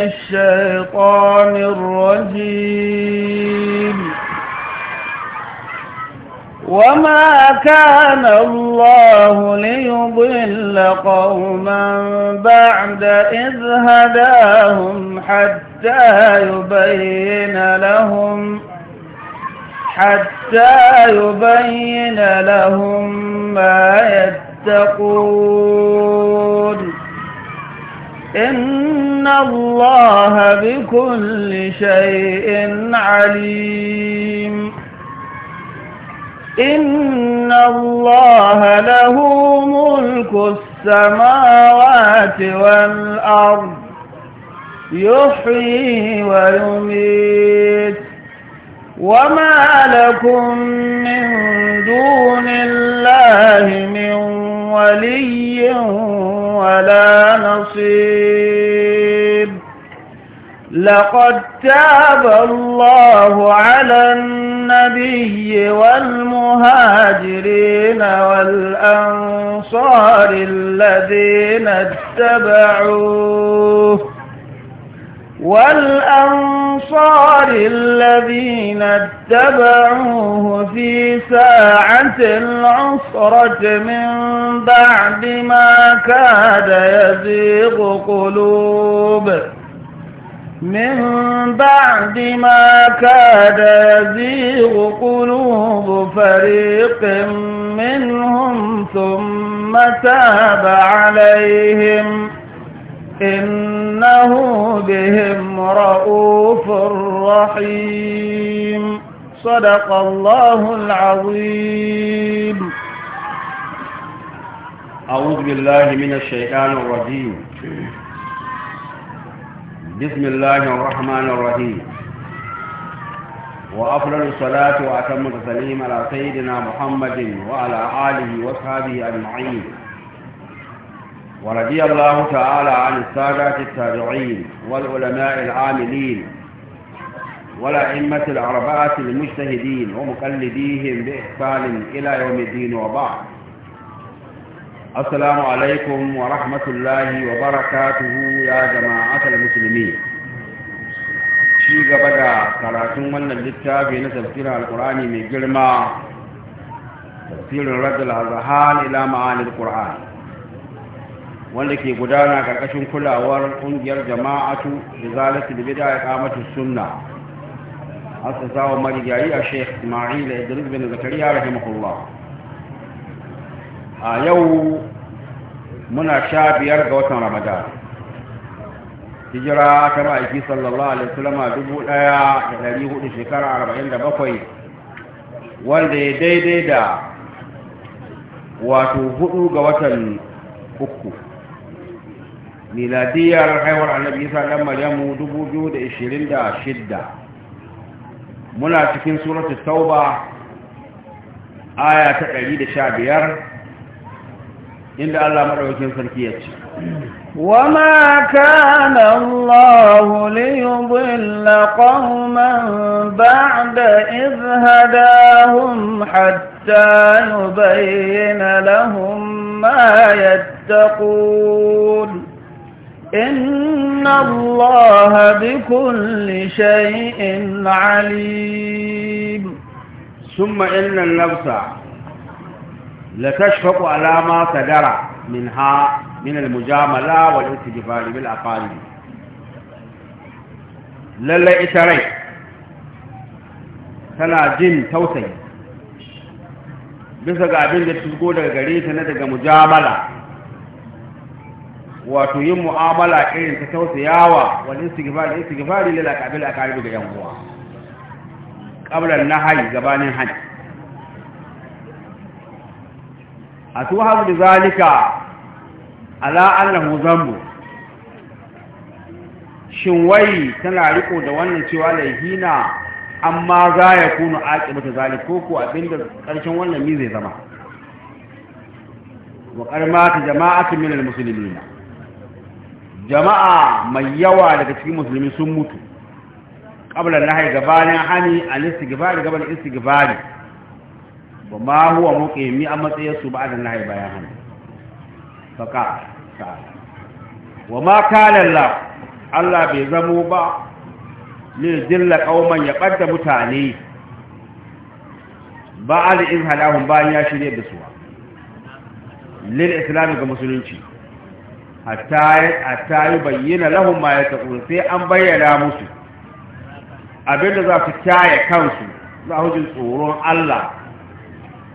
الشيطان الرجيم وما كان الله ليضل قوما بعد إذ هداهم حتى يبين لهم حتى يبين لهم ما يتقون إن الله بكل شيء عليم إن الله له ملك السماوات والأرض يحيي ويميت وما لكم من دون الله من ولي ولا نصير لقد تاب الله على النبي والمهاجرين والأنصار الذين اتبعوه والأنصار الذين اتبعوه في ساعة العصرة من بعد ما كاد يزيغ قلوب من بعد ما كاد يزيغ قلوب فريق منهم ثم تاب عليهم إنه بهم رؤوف رحيم صدق الله العظيم أعوذ بالله من الشيطان الرجيم بسم الله الرحمن الرحيم وأفضل الصلاة وأتم التسليم على سيدنا محمد وعلى آله وصحبه أجمعين ورضي الله تعالى عن السادات التابعين والعلماء العاملين والأئمة الأربعة المجتهدين ومقلديهم بإحسان إلى يوم الدين وبعد السلام عليكم ورحمة الله وبركاته يا جماعة المسلمين شيء قبل da من الكتاب littafi na tafsirin alkurani mai girma tafsirin radul azhar إلى معاني القرآن wanda ke gudana karkashin kulawar kungiyar jama'atu da zalatu da bida ya kamata sunna asasa wa marigayi a sheikh ismail idris bin zakariya rahimahullah a yau muna sha biyar ga watan ramadan hijira ta ma'aiki sallallahu alaihi wasallam dubu daya da dari hudu shekara arba'in da bakwai wanda ya daidai da wato hudu ga watan uku miladiyar haihuwar annabi isa dan maryamu 2026 muna cikin suratul tauba aya ta 115 inda Allah madaukakin sarki ya ce وما كان الله ليضل قوما بعد إذ هداهم حتى يبين لهم ما يتقون إن الله بكل شيء عليم ثم إن النفس لتشفق على ما تدرى منها من المجاملة والاستجفال بالأقارب للا إتري تنا جن توسي tausayi bisa ga abin da wato yin mu'amala irin ta tausayawa wal istighfar istighfar lil aqabil aqarib ga yan uwa na nahyi gabanin hajj asuha da zalika ala annahu zambu shin wai tana riko da wannan cewa da hina amma za ya kunu mata zalika ko ko abinda karshen wannan mi zai zama wa jama'a jama'atu minal muslimina jama'a mai yawa daga cikin musulmi sun mutu ƙablar nahai gabanin hani a listigibari gabanin istigibari ba ma huwa muƙimi a matsayinsu ba da nahai bayan hani faƙa ta'ala wa ma kanan la Allah bai zamo ba ne jilla ƙauman ya ɓadda mutane ba in halahun bayan ya shirya da suwa lil islami ga musulunci hatta yi bayyana lahun ma ya taɓo sai an bayyana musu abinda za su kyaye kansu za su jin tsoron Allah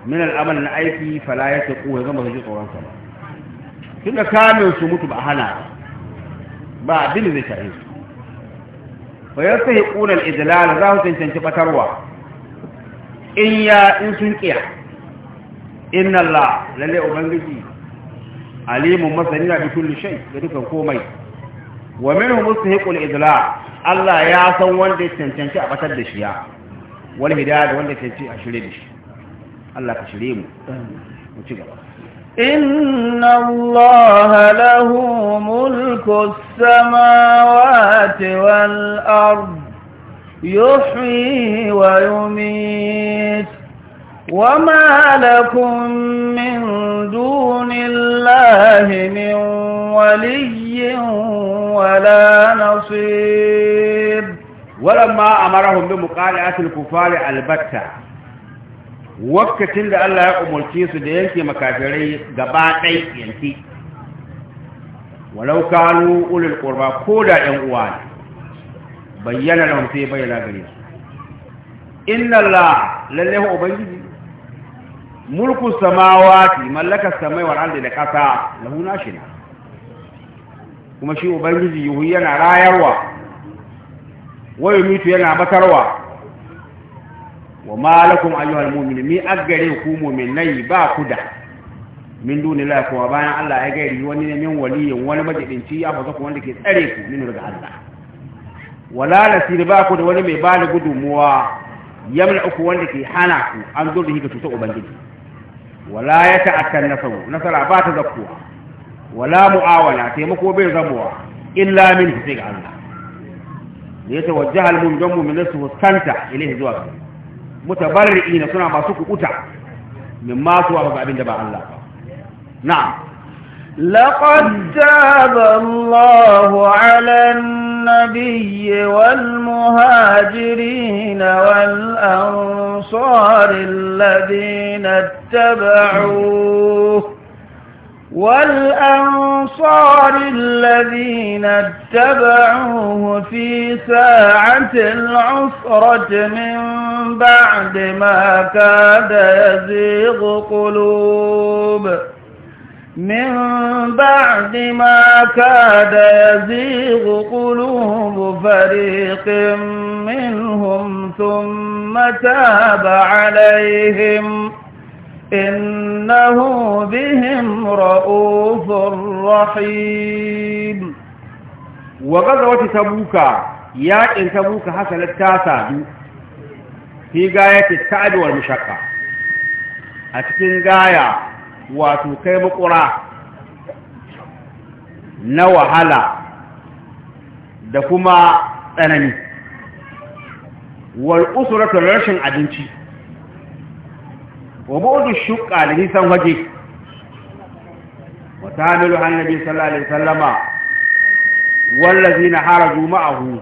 min al'amal na aiki fala ya taɓo ya zama su ji tsoronsa ba tun da kamin su mutu ba a hana ba abin da zai shaye su fa ya sahi ƙunan idilala za su cancanci batarwa in ya in sun ƙiya inna Allah lalle ubangiji alimun masani na bi kulli shay da dukan komai wa minhum mustahiqul idla Allah ya san wanda ya cancanci a batar da shi ya wal hidayah wanda ya cancanci a shirye da shi Allah ka shirye mu mu ci gaba إن الله له ملك السماوات والأرض يحيي ويميت وما لكم من دون الله من ولي ولا نصير ولما أمرهم بمقالعة الكفار البتة وقت إن الله أمرتي سديك مكافري قبائي ينتي ولو كانوا أولي القربى كودا أموال بين لهم في بين أبريس إن الله لله أبنجي mulku samawati mallakar samai wal ardi da kasa lahu nashi ne. kuma shi ubangiji yuhu yana rayarwa wa yumitu yana batarwa wa ma lakum ayyuhal mu'minin mi aggare ku mu'minai ba ku da min duni la kuma bayan Allah ya gairi wani ne min waliyin wani majidinci ya fasa ku wanda ke tsare ku min daga Allah wala nasir ba ku da wani mai bani gudunmuwa yamna uku wanda ke hana ku an zo da hika cutar ubangiji wala ya ta'akkan nasaru nasara ba ta zakkuwa wala mu'awala taimako bai zamuwa illa min sai ga Allah da ya tawajjaha al-mundan mu'minin su fuskanta ilaihi zuwa ga mutabarri'ina suna masu kukuta min ma su wa abin da ba Allah ba na'am laqad taba Allahu 'alan النبي والمهاجرين والأنصار الذين اتبعوه والأنصار الذين اتبعوه في ساعة العصرة من بعد ما كاد يزيغ قلوب من بعد ما كاد يزيغ قلوب فريق منهم ثم تاب عليهم إنه بهم رؤوف رحيم وغزوة تبوك يا إن تبوك حصل التاسع في غاية السعد والمشقة أتكين غاية wato kai makura na wahala da kuma tsanani wal usratun rashin abinci wa bu'udu shuqqa da nisan waje wa tamilu annabi sallallahu alaihi wasallama wallazina haraju ma'ahu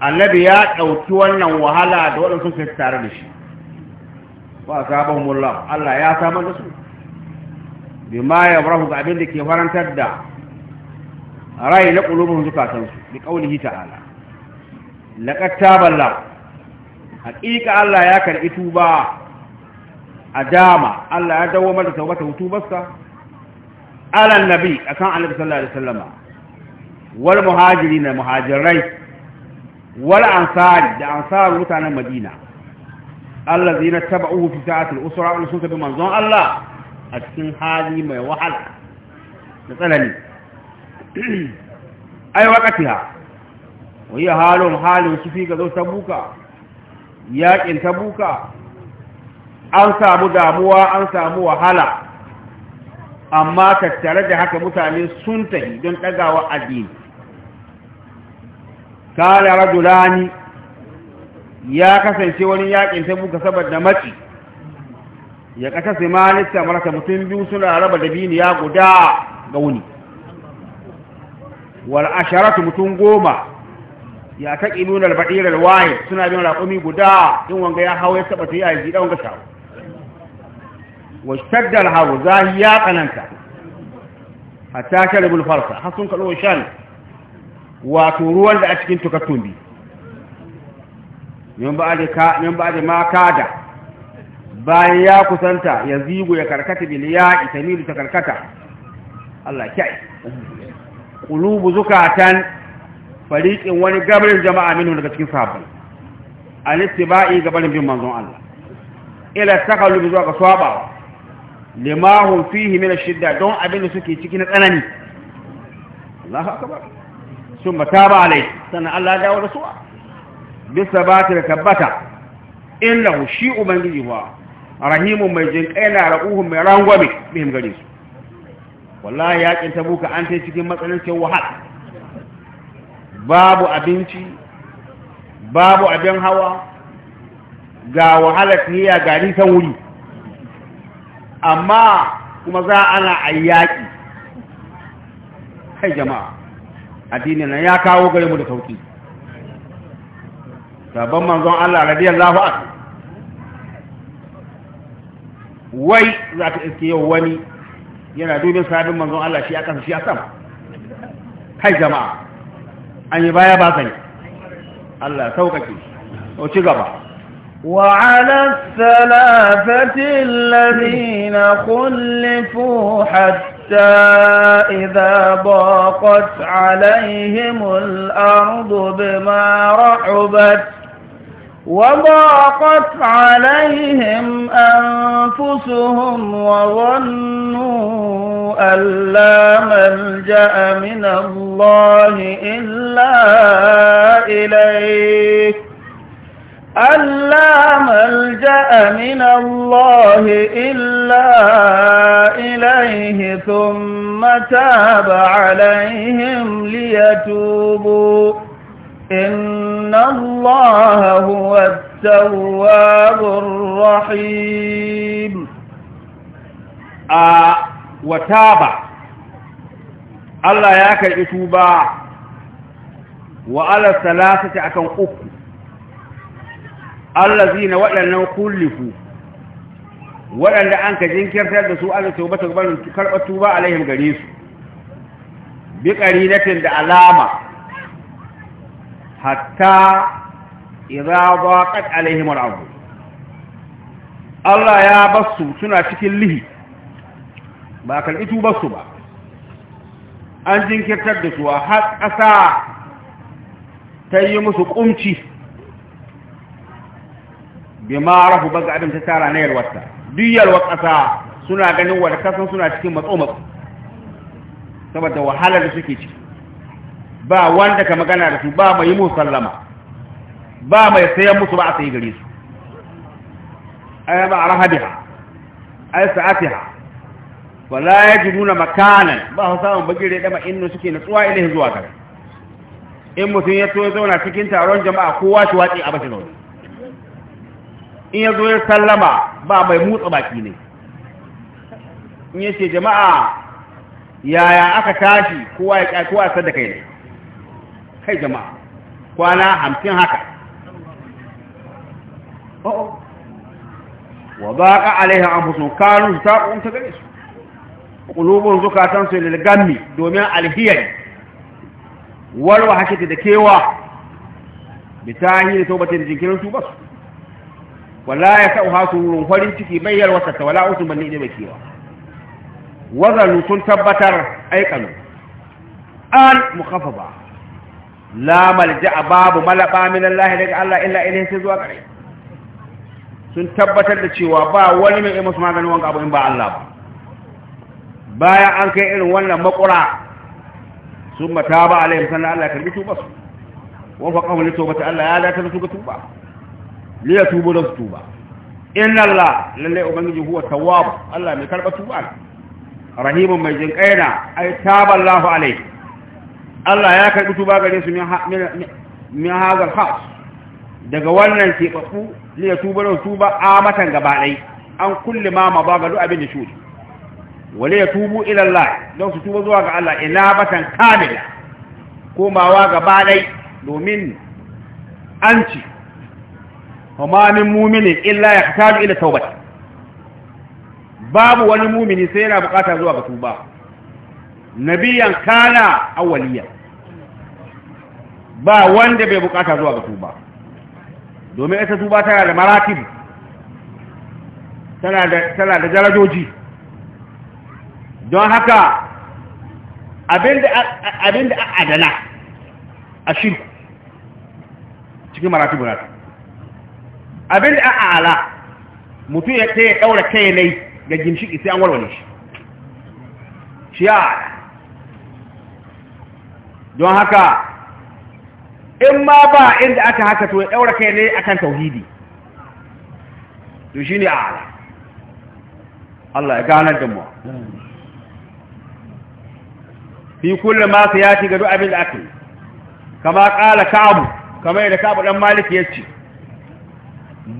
annabi ya dauki wannan wahala da wadansu suka tare da shi ba sabon mullah Allah ya samar da su bima ya rahu ga abin da ke farantar da rai na kulubun zukatansu bi kaulihi ta'ala ta taballa haƙiƙa Allah ya karbi tuba dama Allah ya dawo mata taubata tubarsa ala nabi akan annabi sallallahu alaihi sallama wal muhajirin muhajirai wal ansari da ansar mutanen madina allah zai na allazina tabauhu fi sa'atil usra sun tabi manzon Allah a cikin hali mai wahala da tsanani ai wa wai halin halin su fi ga zo tabuka yakin tabuka an samu damuwa an samu wahala amma tattare da haka mutane sun tafi don ɗagawa addini kana rajulani ya kasance wani yakin tabuka saboda matsi ya kasa simani marasa mutum biyu suna raba dabiniya guda ga wuni wal asharatu mutum goma ya ta nuna albaɗirar waye suna bin raƙumi guda in wanga ya hawa ya taɓa ta yi a yi ɗan ga shawo wa shadda alhawu zahi ya tsananta tashar sharibul farsa har sun kaɗo shan wato ruwan da a cikin tukattun bi ba ma kada bayan ya kusanta ya zigo ya karkata bil ya itamilu ta karkata Allah kai qulubu zukatan fariqin wani gabarin jama'a minhu daga cikin sahabbai an istiba'i gabarin bin manzon Allah ila taqallu zuwa ga swabawa lima hum fihi min ashidda shidda don abin da suke cikin tsanani Allahu akbar summa taba alai sannan Allah ya dawo da su bisa ba ta tabbata innahu shi ubangiji wa rahimun mai jinkai na ra'uhun mai rangwame mihim gare su wallahi yakin buka an tai cikin matsalancin wahala babu abinci babu abin hawa ga wahalar niyya ga nisan wuri amma kuma za ana a yaƙi kai jama'a addinin nan ya kawo gare mu da sauƙi sabon manzon Allah radiyallahu anhu wai za ka iske yau wani yana dubin sabin manzon Allah shi a ƙasa shi a sama kai jama'a an yi baya ba sani Allah sauƙaƙe o ci gaba وعلى الثلاثة الذين hatta حتى إذا ضاقت عليهم الأرض بما رحبت وضاقت عليهم أنفسهم وظنوا أن لا ملجأ من الله إلا إليه أن لا ملجأ من الله إلا إليه ثم تاب عليهم ليتوبوا إن الله هو التواب الرحيم آه وتابع الله يا كي توبا وعلى الثلاثة أكون أكو الذين وألنا كلفوا وأن أنك جنكرت بسوء التوبة قبل كرب التوبة عليهم قريس بقرينة علامة hatta idza daqat alaihim al-ardh Allah ya basu suna cikin lihi ba kalbitu basu ba an jinkirtar da su har ƙasa ta yi musu ƙunci bi ma rafu abin ta tara na yalwata duk yalwar ƙasa suna ganin wadda kasan suna cikin matso saboda wahalar da suke ciki ba wanda ka magana da su ba mai musu sallama ba mai sayan musu ba a sayi gare su ai ba rahabiha ai sa'atiha wala yajiduna makanan ba su samun bagire dama inda suke na tsuwa ilahi zuwa gare in mutum ya so zauna cikin taron jama'a kowa shi watsi a bashi zaune in ya zo ya sallama ba mai mutsa baki ne in ya ce jama'a yaya aka tashi kowa ya kowa sadda kai ne kai jama'a kwana hamsin haka oh, oh. wa ba ka alaihin amfusun kanun su taɓon ta gani su ƙulubun zukatansu gami domin alhiyar walwa hashita da kewa bi ta yi da jinkirin su basu wala ya sa'u hasu wurin farin ciki bayyar ta wala usun banni mai kewa wazanu sun tabbatar aikanu an mukhafafa la malja'a babu malaba min Allah daga Allah illa ilayhi sai zuwa gare sun tabbatar da cewa ba wani mai musu maganin wanga abu in ba Allah ba bayan an kai irin wannan makura sun mata ba alayhim sannan Allah ya karbi tuba su wa faqahu li tawbati Allah ya da ta ga tuba li yatubu da tuba inna Allah lalle ubangiji huwa tawwab Allah mai karba tuba rahimun mai jinkaina ay taba Allahu alayhi Allah ya karɓi tuba gare su min hazar khas daga wannan keɓaɓɓu ne ya tuba don tuba a matan gaba ɗai an kulle ma ma ba ga abin da shuri wale ya tubu ilallah don su tuba zuwa ga Allah ina matan kamila komawa gaba ɗai domin an ci kuma min muminin illa ya katalu ila taubata babu wani mumini sai yana bukata zuwa ga tuba nabiyan kana awwaliyan ba wanda bai bukata zuwa ga tuba domin ita tuba tana da maratib tana da jarajoji. don haka abinda a adana a shirku cikin maratib na abinda a ala mutum ya ta ya daura kai ga ginshiki sai an warware shi shi ya don haka in ma ba inda aka haka to ya daura kai ne akan tauhidi to shine ala Allah ya ganar da mu fi kullum ma ya ci ga duk abin da aka yi kama kala kabu kama yadda kabu dan malik ya ce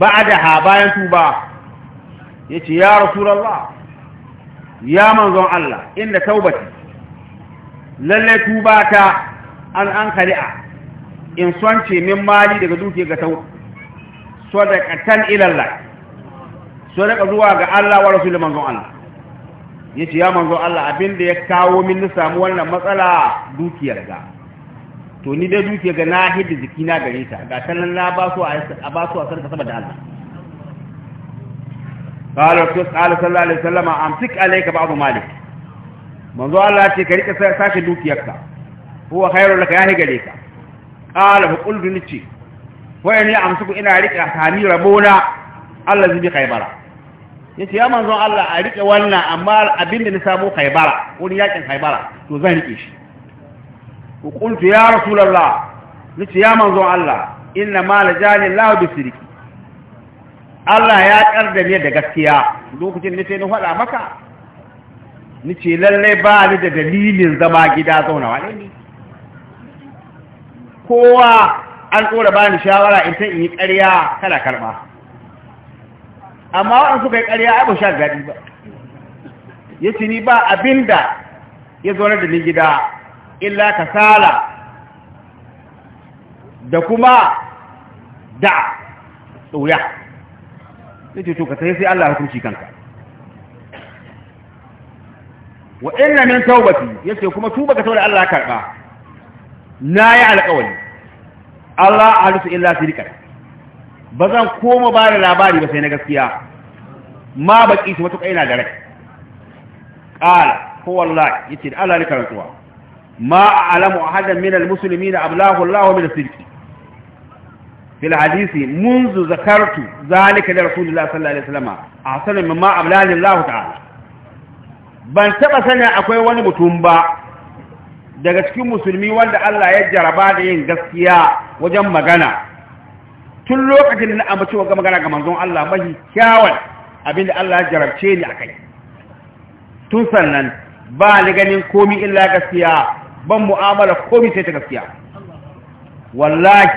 ba da ha bayan tuba ya ce ya rasulallah ya manzon Allah inda taubati Lallai tuba ta an an kari'a in sonce min mali daga duke ga tau katan ila so da zuwa ga Allah wa rasulun manzon Allah yace ya manzon Allah abinda ya kawo min na samu wannan matsala dukiyar ga to ni dai duke ga na hidda jikina gare ta ga sanan na ba su a ba su a sarka saboda Allah قال قال صلى الله عليه وسلم امسك عليك بعض مالك منذ الله تي كريك ساشي دوكيارك هو خير لك يا هي gare ka qala fa qultu nice wa ni amsuku ina rike tani rabona Allah zai bi khaybara yace ya manzon Allah a rike wannan amma abinda ni samu khaybara wani yakin khaybara to zan rike shi ku qultu ya rasulullah nice ya manzon Allah inna ma la jani Allah bi sirki Allah ya kardame da gaskiya lokacin nace ni fada maka nice lalle ba ni da dalilin zama gida zaunawa ne kowa an tsora ba ni shawara in ta yi ƙarya kana karɓa amma waɗanda suka yi ƙarya abu sha gaɗi ba ya ce ni ba abin da ya zonar da ni gida illa kasala da kuma da tsoya ya ce to ka sai sai Allah hukunci kanka wa inna min tawbati yace kuma tuba ka tawar Allah karɓa na yi alƙawari Allah a halittu illa sirikar ba zan koma ba da labari ba sai na gaskiya ma baki shi matuƙa yana da rai ƙala ko wallahi ya ce da Allah ni karantuwa ma a alamu a hadar minal musulmi da ablahu Allah min sirki fil hadisi munzu zakartu zalika da rasulullah sallallahu alaihi wasallam a sanin ma ablahu Allah ta'ala ban taba sanin akwai wani mutum ba daga cikin musulmi wanda Allah ya jaraba da yin gaskiya wajen magana tun lokacin da na ambaci wa magana ga manzon Allah mahi kyawun abinda Allah ya jarabce ni a kai. tun sannan ba ni ganin komi illa gaskiya ban mu'amala komi sai ta gaskiya wallahi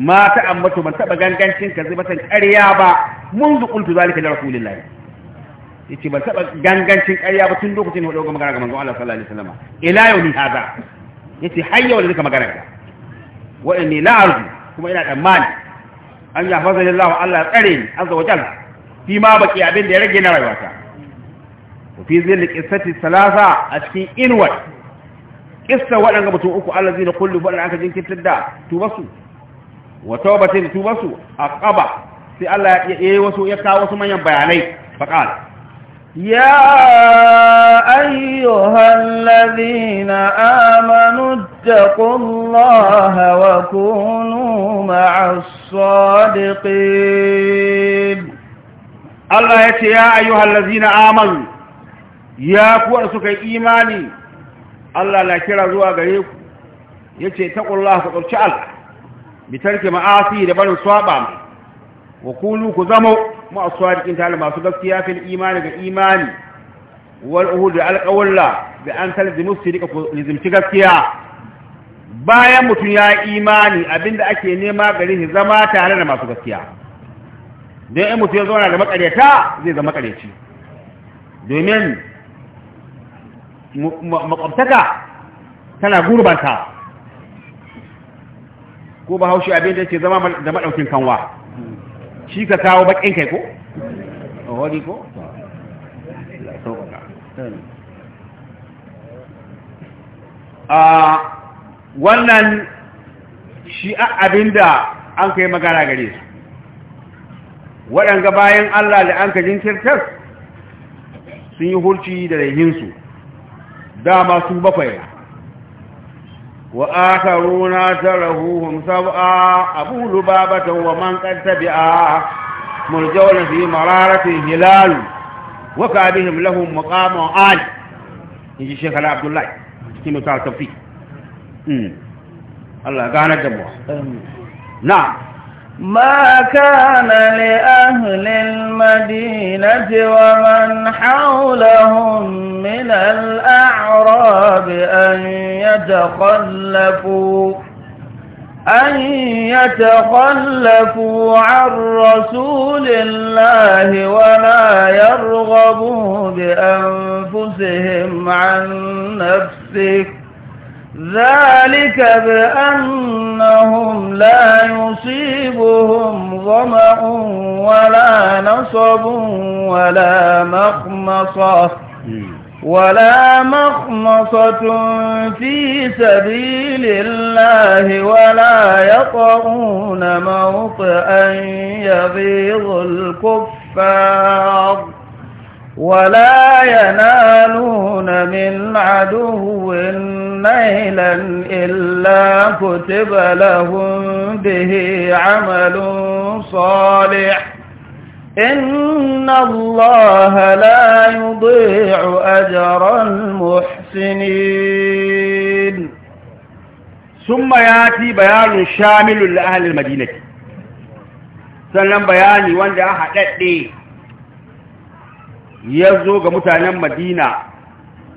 ma ta ammatu ban taba gangancin ka zai batan ƙarya ba mun zuƙuntu zalika da rasulullahi yace ban taba gangancin ƙarya ba tun lokacin hudu ga magana ga manzon Allah sallallahu alaihi wasallam ila yau ni haza yace har yau da duka magana ga wa inni la arju kuma ina tsammani an ya fazal Allah Allah ya tsare ni azza wa jalla fi ma baki abin da ya rage na rayuwata wa fi zil qissati salasa a cikin inwat kissa waɗanda mutum uku Allah zai na kullu ba aka jinkirtar da tubasu wa tawbatin tubasu aqaba sai Allah ya yi wasu ya kawo wasu manyan bayanai faqala يا أيها الذين آمنوا اتقوا الله وكونوا مع الصادقين الله يتي يا أيها الذين آمنوا يا كوأسك إيماني الله لا كرا زوا غريب يتي اتقوا الله فقل شعل بترك معاصي لبن صوابا وقولوا كزموا ma aswadiqin ta masu gaskiya fil imani ga imani wal uhud qawla bi an talzimu sidika ku lizimti gaskiya bayan mutum ya imani abinda ake nema gare shi zama tare da masu gaskiya don in mutun ya zauna da makareta zai zama makareci domin makwabtaka tana gurbanta ko ba haushi abin da ke zama da maɗaukin kanwa shi ka kawo bakin kai ko a wani ko a wannan shi abinda an kai magana gare su waɗanga bayan Allah da an ka jinkirtar sun yi hulci da rahinsu dama su bakwai wa ta tarahuhum sab'a abu lubabatan wa man qad tabi'a murjawna fi mararati hilal wa ka bihim lahum maqamu al ما كان لأهل المدينة ومن حولهم من الأعراب أن يتخلفوا أن يتخلفوا عن رسول الله ولا يرغبوا بأنفسهم عن نفسه ذلك بأن لا يصيبهم ظمأ ولا نصب ولا مخمصة ولا مخمصة في سبيل الله ولا يطعون موطئا يغيظ الكفار ولا ينالون من عدو نيلا إلا كتب لهم به عمل صالح إن الله لا يضيع أجر المحسنين ثم يأتي بيان شامل لأهل المدينة سلم بياني وانجا أحد حدد ya zo ga mutanen madina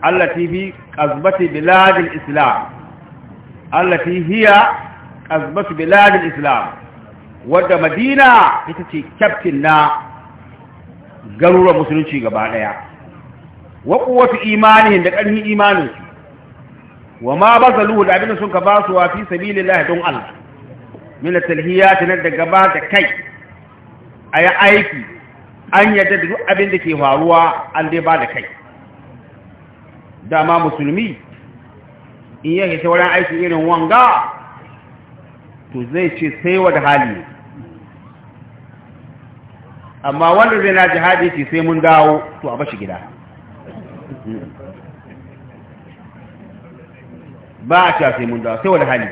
allati fi qasbati biladin islam allati hiya qasbati biladin islam wadda madina ita ce kyaftin na garuruwan musulunci gaba ɗaya. wa quwwatu imanihim da ƙarfin imaninsu wa ma luhu da abin sun ka ba su wa fi sabilillah don Allah min at-talhiyat nan da gaba da kai ayi aiki an yadda da duk abin da ke faruwa an dai ba da kai dama musulmi in yake sauran aikin irin wanga to zai ce sai wa da hali amma wanda zai na jihadi ce sai mun dawo to a bashi gida ba a cewa sai mun dawo sai wa da hali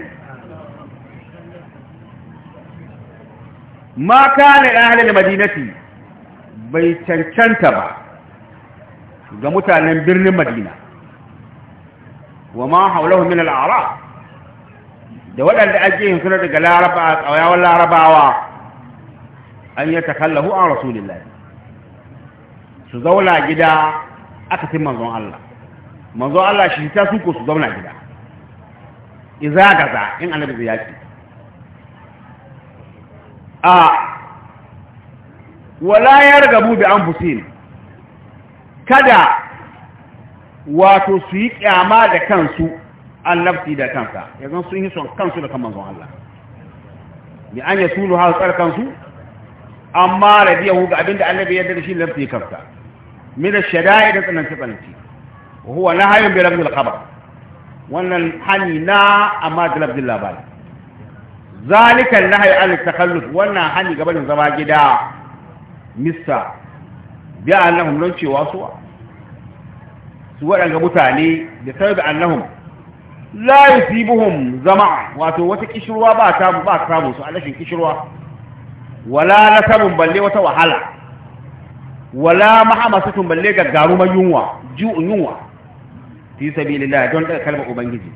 ma kana ɗan halin madinati bai cancanta ba ga mutanen birnin madina wa ma haulahu min al'ara da waɗanda ake yin suna daga larabawa tsawayawar larabawa an yi ta takallahu an rasulillah. su zauna gida aka fi manzon Allah manzon Allah shi ta suko su zauna gida iza gaza in annabi zai yaki a wala ya yargabu bi anfusihim kada wato su yi kyama da kansu an lafti da kansa yanzu sun yi son kansu da kan manzon Allah bi an ya sulu ha tsar kansu amma radiyahu ga abinda annabi yadda da shi lafi kansa shada idan shadaid tsananci tsananci wa na nahyun bi rabbil khabar wannan hani na amma da rabbil labari zalika nahy al-takhallus wannan hani gaban zama gida mista biya annahum don cewa suwa, su waɗanga mutane da sanar da annahum la yusibuhum zama'a wato wata kishirwa ba a ba samu su alashin kishirwa wala na nasabun balle wata wahala wala mahamasatun balle gaggarumar yunwa ju'un yunwa fi sabilillah don daga kalmar ubangiji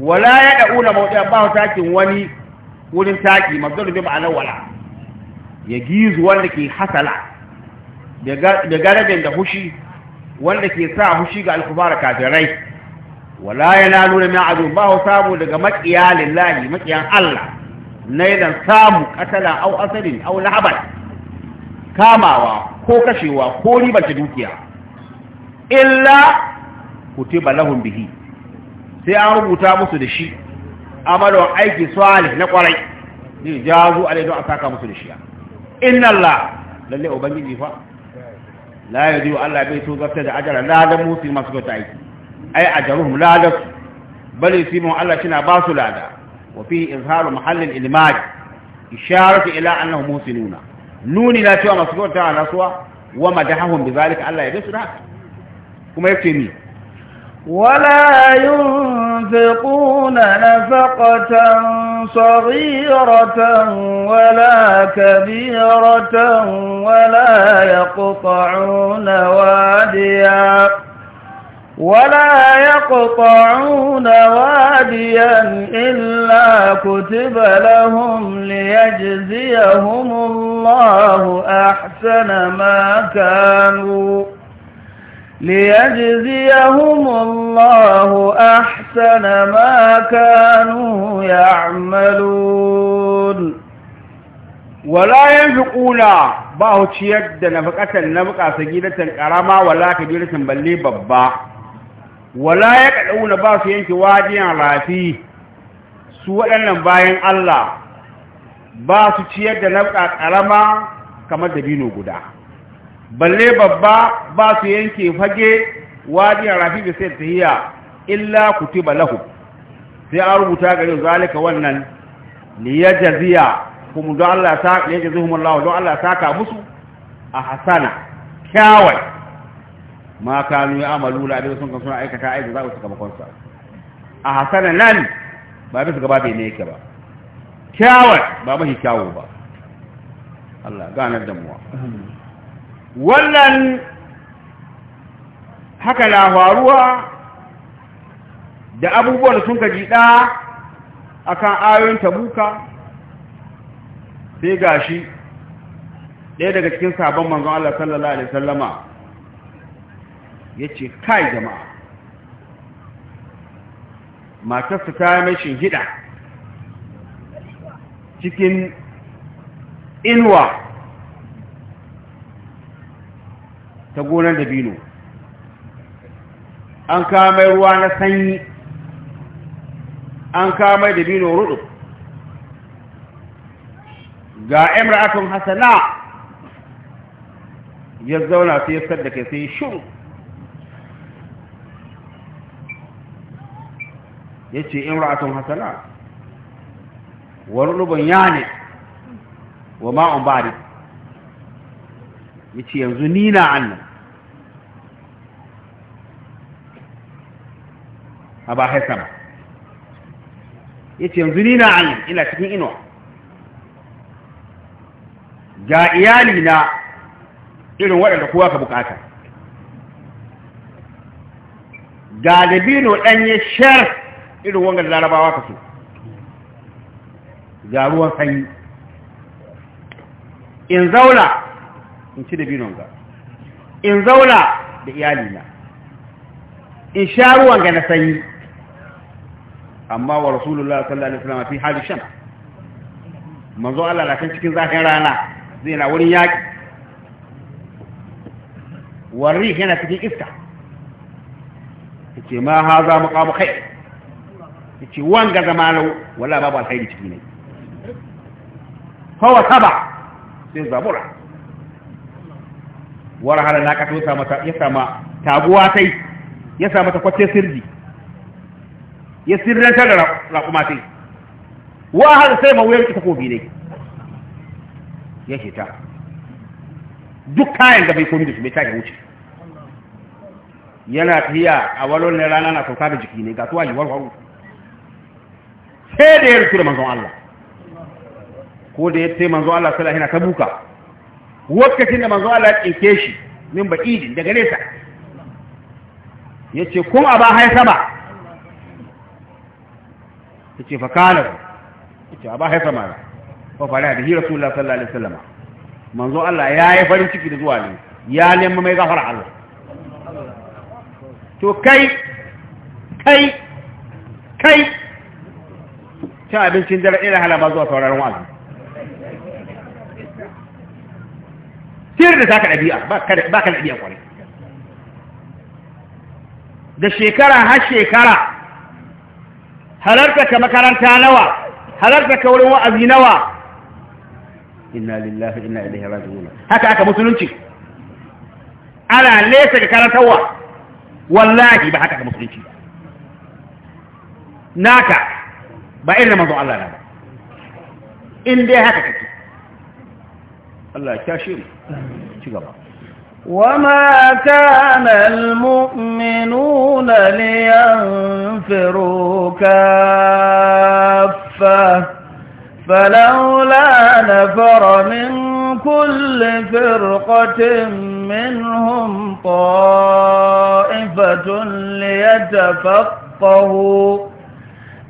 wala ya da'una mawdi'a ba takin wani wurin taki mazdar bi ma'anar wala ya gizu wanda ke hasala da garabin da hushi wanda ke sa hushi ga alkubara kafirai wala yana nuna min azu ba samu daga makiya lillahi makiyan Allah nailan samu katala au asalin au lahabar. kamawa ko kashewa ko ribanta dukiya illa kutiba lahum bihi sai an rubuta musu da shi amalon aiki salih na kwarai ne jazu alai don a saka musu da shi inna Allah lalle ubangiji fa la yadi Allah bai tozarta da ajara la da musu masu kyauta aiki ai ajaruhum la da bal yusimu Allah shina ba su lada wa fi izharu mahall al-ilmaj isharatu ila annahum musinuna nuni na cewa masu kyauta na suwa wa madahahum bi zalika Allah ya bisu da kuma yake ni ولا ينفقون نفقة صغيرة ولا كبيرة ولا يقطعون واديا ولا يقطعون واديا إلا كتب لهم ليجزيهم الله أحسن ما كانوا ليجزيهم الله أحسن ما كانوا يعملون ولا ينفقون باو تشيك دا نفقة النفقة سجيدة كرامة ولا كبيرة بلي ببا ولا يقعون باو ينكي واجي فيه سوء لنا باين الله باو تشيك دا نفقة كرامة كما دبينو قدام balle babba ba su yanke fage wajin rafi da sai tahiya illa kutiba lahu sai an rubuta gare zalika wannan li yajziya kuma don Allah ta yajzihum Allah don Allah ta ka musu a hasana kyawai ma kanu ya amalu la da sun kan suna aikata aiki za su bakon sa a hasana nan ba bisa gaba bai ne yake ba kyawai ba mahi kyawu ba Allah ganar da muwa wannan haka na faruwa da abubuwan sun ka jiɗa a kan ayoyin tabuka sai ga shi. ɗaya daga cikin sabon manzon Allah sallallahu Alaihi sallama ya ce kai jama'a matarsa ta yi mai shinhida cikin inuwa ta gonar dabino an kama mai ruwa na sanyi an kama mai dabino rudu ga imra'atun hasana ya zauna sai ya sadda kai sai shiru ya ce imra'atun hasana wani rudubun ya ne wa ma'un bari ya ce yanzu nina annan aba Ya yace yanzu ni na ayin ina cikin inuwa ga iyali na irin waɗanda kowa ka bukata ga dabino yi shar irin wanga da larabawa ka so ga ruwan sanyi in zaula, in ci dabino ga in zaula da iyalina in sha ruwan ga na sanyi amma wa rasulullah sallallahu alaihi wasallam fi hali shan, manzo Allah na kan cikin zafin rana zai na wurin yaki warri yana cikin iska yace ma haza maqamu khair yace wanga zamanu wala babu alkhairi ciki ne hawa saba sai zabura war hala na ka tosa mata ya sama taguwa sai ya sama ta kwace sirri ya sirrantar da raƙuma sai wa har sai mawuyar ita kofi ne ya shita duk kayan da bai komi da su bai take wuce yana tafiya a walon ne rana na sauka da jiki ne ga tuwa yi warwaru sai da ya rufu da manzon Allah ko da ya sai manzon Allah sallallahu alaihi wasallam ta buka wakacin da manzon Allah ya tsinke shi min ba idin daga nesa yace kun aba haisa sama yace fa kana yace aba haifa mana fa fara da hira rasulullahi sallallahu alaihi wasallam manzo Allah ya yi farin ciki da zuwa ne ya lemma mai gafara Allah to kai kai kai cin abincin dare ina halama zuwa sauraron wa'azi sirri da ka ɗabi'a ba ka ɗabi'a kwarai da shekara har shekara halarta ka makaranta nawa halarta ka wurin wa'azi nawa inna lillahi inna ilaihi raji'un haka aka musulunci ana lesa ga karantarwa wallahi ba haka aka musulunci naka ba irin manzo Allah na ba in dai haka kake Allah ya kashe mu ci gaba وما كان المؤمنون لينفروا كافة فلولا نفر من كل فرقة منهم طائفة ليتفقهوا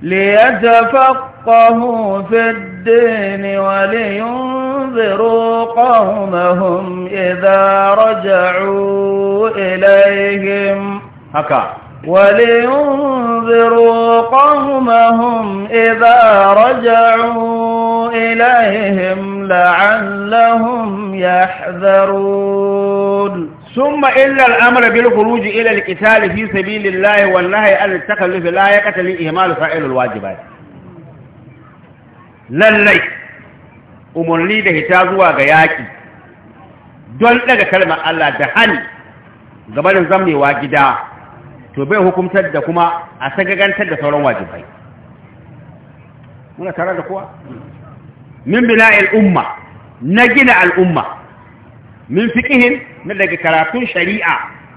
ليتفقهوا في الدين ولينفروا وانذروا قومهم إذا رجعوا إليهم هكا ولينذروا قومهم إذا رجعوا إليهم لعلهم يحذرون ثم إلا الأمر بالخروج إلى القتال في سبيل الله والنهي عن التخلف لا يقتل إهمال فاعل الواجبات لليك umarni da hita zuwa ga yaƙi don ɗaga kalmar Allah da hani gabanin zamnewa gida to bai hukumtar da kuma a sagagantar da sauran wajibai muna tare da kuwa? min bina al'umma na gina al'umma min fiƙihin na daga karatun shari'a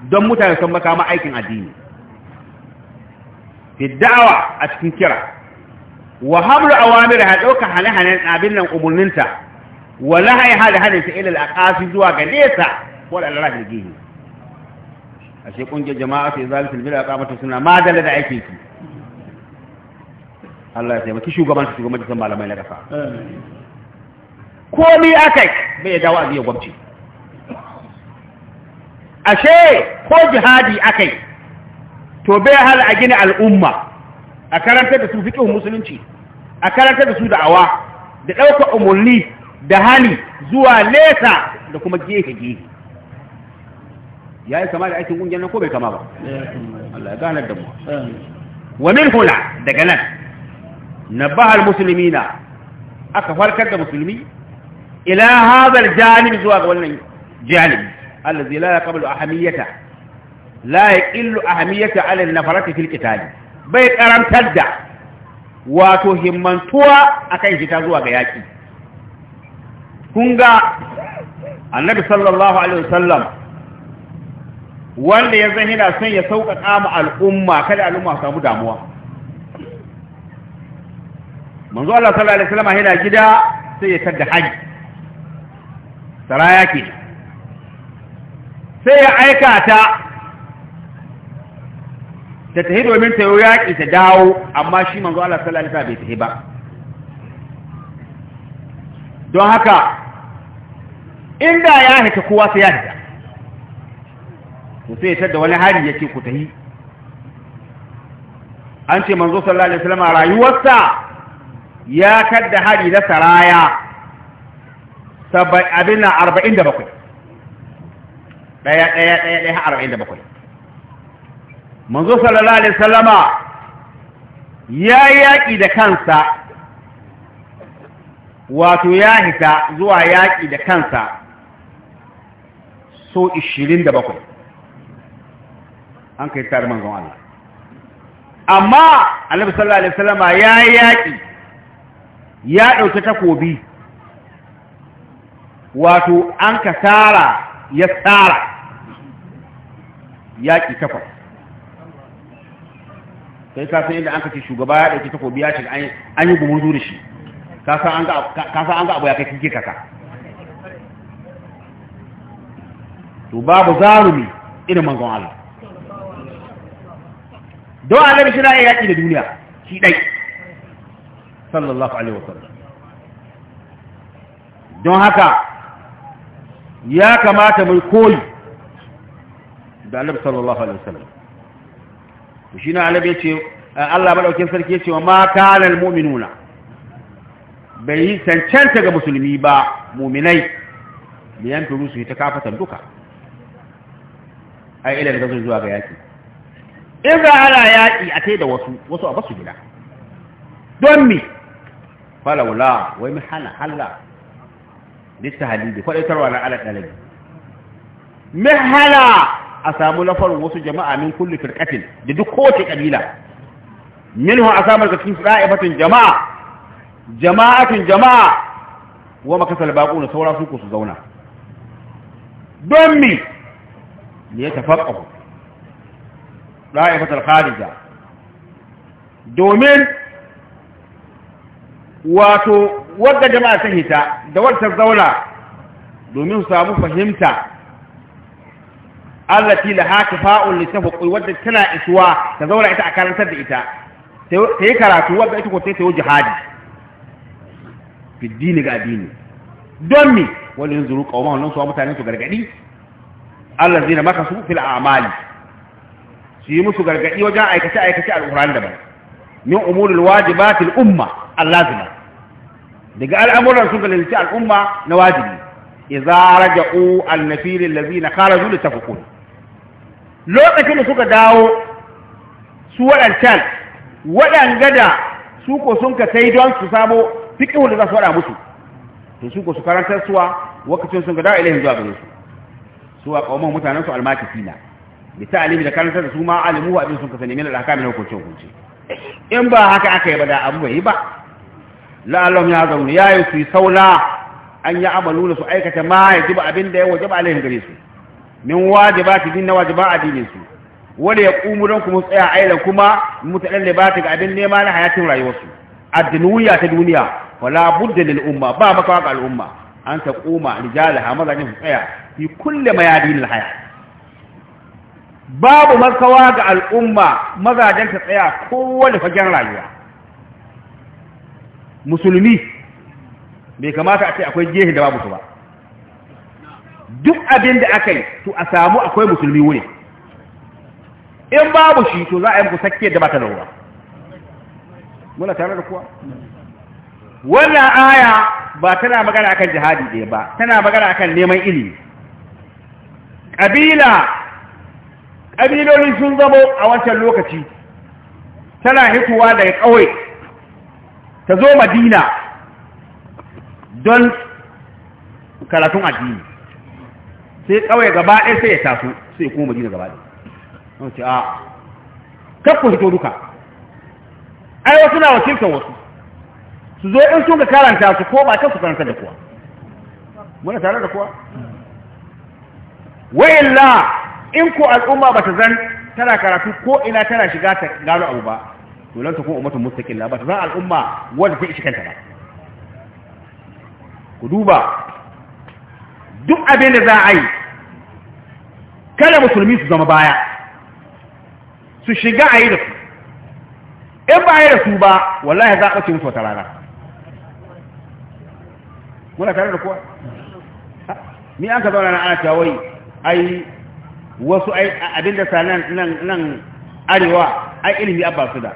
don mutane sun makama aikin addini fi da'awa a cikin kira wa habru awamir ha dauka hane-hanen abin nan umurninta wa lahai hada hada ta ilal aqafi zuwa ga nesa da Allah hirgihi ashe kungiyar jama'a sai zalatul bil aqamatu suna ma dalla da ake ki Allah ya taimaki shugaban su shugaban jisan malamai na kasa komi akai bai dawo a biya gwamnati ashe ko jihadi akai to bai hal a gina al'umma a karantar da su fiƙin musulunci a karantar da su da'awa da ɗauka umarni da hali zuwa nesa da kuma gefe gefe ya yi kama da aikin ƙungiyar nan ko bai kama ba Allah ya ganar da mu wa min hula daga nan na musulmi na aka farkar da musulmi ila hadal janib zuwa ga wannan janib allazi la yaqbalu ahamiyata la yaqillu ahamiyata alin na nafarati fil qitali bai karantar da wato himmantuwa akan ta zuwa ga yaki kun ga annabi sallallahu alaihi wasallam wanda ya zan yana son ya sauƙaƙa ma al'umma kada al'umma samu damuwa manzo Allah sallallahu alaihi wasallam yana gida sai ya da haji Sara yaki. sai ya aika ta ta tahi domin ta yi yaƙi ta dawo amma shi manzo Allah sallallahu alaihi wasallam bai tahi ba don haka inda ya hita kowa sai ya hita to sai ta da wani hali yake ku tahi an ce manzo sallallahu alaihi wasallam rayuwarsa ya kadda hari na saraya abin na arba'in da bakwai ɗaya ɗaya ɗaya ɗaya arba'in da bakwai manzo sallallahu alaihi wasallama ya yaƙi da kansa wato ya hita zuwa yaƙi da kansa so 27 an kai tare manzon Allah amma annabi sallallahu alaihi wasallama ya yaƙi ya ɗauki takobi wato an kasara ya tsara yaƙi takwas kai ka san inda an kace shugaba ya dauki takobi ya ce an yi gumurzu da shi ka san an ga ka san an ga abu ya kai kike kaka to babu zarumi irin manzon Allah don annabi shi na yaki da duniya shi dai sallallahu alaihi wasallam don haka ya kamata mai koyi da annabi sallallahu alaihi wasallam shi na alabe ce eh, Allah maɗaukin sarki ce wa ma kanar muminuna bai yi cancanta ga musulmi ba muminai biyan turu su ta kafatan duka a ilar da zuwa ga yaƙi in za ala yaƙi a tai da wasu wasu a basu gida don mi falawula wai mi hana halla lista kwaɗaitarwa na ala mi hala a samu lafarin wasu jama'a min kulli firqatin da duk kowace kabila minhu a samar da cikin da'ifatin jama'a jama'atin jama'a wa makasal baquna saura su ku su zauna don mi ne ku da'ifatul kharija domin wato wadda jama'a ta hita da wadda ta zauna domin su samu fahimta allati laha kifa'un li tafaqqi wadda tana isuwa ta zaura ita a karantar da ita ta yi karatu wadda ita ko sai ta yi jihadi fi dini ga dini don mi wani yin zuru kawo mahallin suwa mutane su gargadi allah zina maka su fil amali su yi musu gargadi wajen aikace aikace al'uran daban min umurul wajibatil umma allah zina daga al'amuran sun galalci al'umma na wajibi idza raja'u an-nafil allazina kharaju litafaqun lokacin da suka dawo su waɗancan waɗanga da su ko sun ka sai don su samo fiƙihu da za su waɗa musu to su ko su karantar suwa wakacin sun ka dawo ilahin zuwa gare su suwa ƙauman mutanen su almakisi na bi ta alimi da karantar da su ma alimu abin sun ka sani min alhaka min hukunci hukunci in ba haka aka yi ba da abu bai yi ba la'allam ya zaune ya yi su yi sauna an yi amalu da su aikata ma ya ji ba abin da ya waje ba alaihim gare su min wajibati din na wajiba addinin su wanda ya kumu don kuma tsaya aila kuma ta ga abin nema na hayatin rayuwarsu wuya ta duniya wala budda lil umma ba maka ga al'umma an ta kuma rijalaha mazajin su tsaya fi kulli mayadin al hayat babu makawa ga al'umma mazajen ta tsaya kowane fagen rayuwa musulmi bai kamata a ce akwai gehe da babu su ba duk abin da aka yi to a samu akwai musulmi wuri in babu shi to za a yi muku sakke da bata muna tare da kuwa wannan aya ba tana magana akan jihadi ɗaya ba tana magana akan neman ilimi ƙabila ƙabiloli sun zamo a wancan lokaci tana hituwa daga ƙauye ta zo madina don karatun addini sai kawai gaba ɗaya sai ya taso sai ya koma madina gaba ɗaya an ce a kakku fito duka ai wasu na wakiltar wasu su zo in sun ga karanta su ko ba kansu su karanta da kuwa muna tare da kuwa la in ko al'umma ba ta zan tana karatu ko ina tana shiga ta gano abu ba to lan ta kuma ummatun la ba ta zan al'umma wanda ta ishi kanta ba ku duba duk abin da za a yi kada musulmi su zama baya su shiga a yi da su in ba a yi da su ba wallahi za a ce musu wata rana muna tare da kowa ni an ka zauna na ana tawai ai wasu abinda sa nan arewa ai ilimi abba su da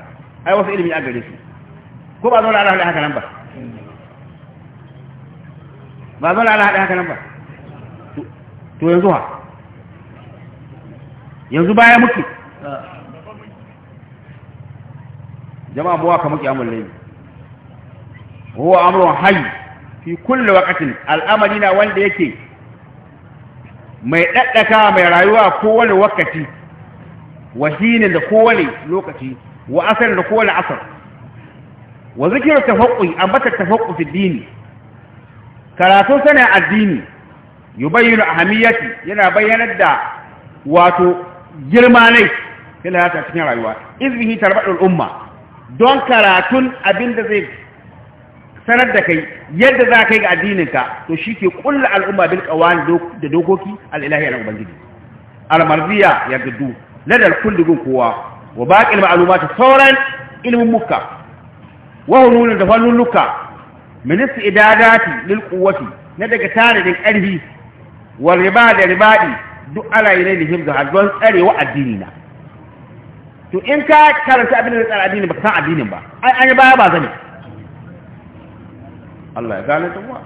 ai wasu ilimi a gare su ko ba zauna ana haɗe haka nan ba ba zauna ana haɗe haka nan ba to yanzu ha yanzu baya muke jama'a buwa muke kiyamun laifi? huwa amrun hayy fi kulli waqtin al'amari na wanda yake mai daddaka mai rayuwa kowane wakati wa hinin da kowane lokaci wa asar da kowane asar wa zikiru tafaqqi bata tafaqqu fi dini karatun sana addini yubayyinu ahamiyati yana bayyanar da wato girma ne fil hayati cikin rayuwa izbihi tarbadul umma don karatun abinda zai sanar da kai yadda za ka yi ga addininka to shi ke kulla al'umma bil kawani da dokoki al'ilahi na ubangiji almarziya ya gudu da kullugun kowa wa baƙin ta sauran ilimin muka wa da fallon luka minista idadati lil kuwati na daga tanadin ƙarfi wa riba da ribaɗi duk ana yi ne da himza don tsarewa addini na to in ka karanta abin da tsara addini ba san addinin ba ai an yi ba zane Allah ya gane ta wa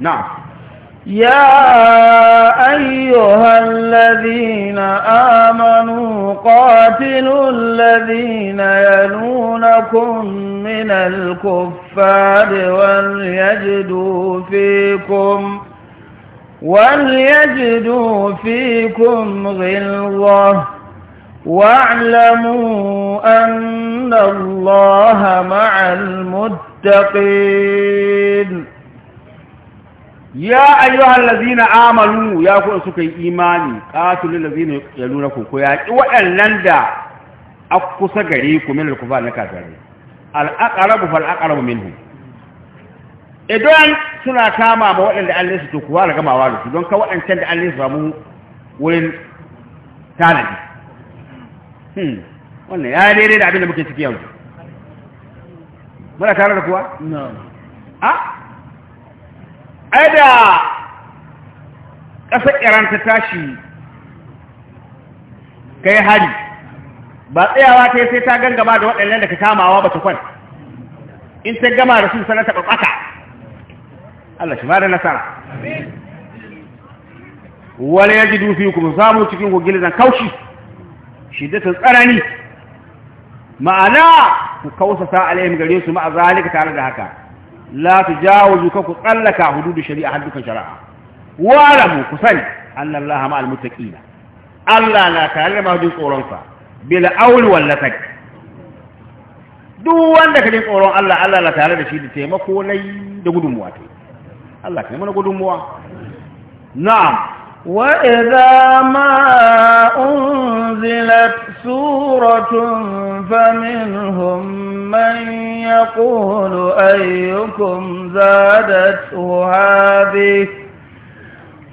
na'am يا أيها الذين آمنوا قاتلوا الذين يلونكم من الكفار وليجدوا فيكم وليجدوا فيكم غلظة واعلموا أن الله مع المتقين يا أيها الذين آمنوا يا كل سكي إيماني قاتل الذين يلونكم كوياك وأن دا أقصى غريكم من الكفار نكاتل الأقرب فالأقرب منهم idan suna kama ba waɗanda an lesa to kuwa da gamawa da su don ka waɗancan da an lesa mu wurin tanadi hmm, wannan ya daidai da abin da muke ciki yanzu muna tare da kuwa? a ah? da ƙasar iran ta tashi ka yi hari ba tsayawa ta sai ta gangama da waɗannan da ka kamawa ba ta kwan in ta gama da su sanar ta ɓaɓɓaka Allah shi ba da nasara ya ji dufi fikum samu cikin ku gilzan kaushi shiddatan tsarani ma'ana ku kausa kausasa alaihim gare su ma'a zalika tare da haka la jawo ka ku tsallaka hududu shari'a haddukan shari'a wa mu ku sani annallaha ma'al muttaqina Allah na tare da mahajin tsoron sa bil awl wal lataq duk wanda ka ji tsoron Allah Allah na tare da shi da taimako nai da gudunmuwa ta الله كني منو نعم واذا ما انزلت سوره فمنهم من يقول ايكم زادت هذه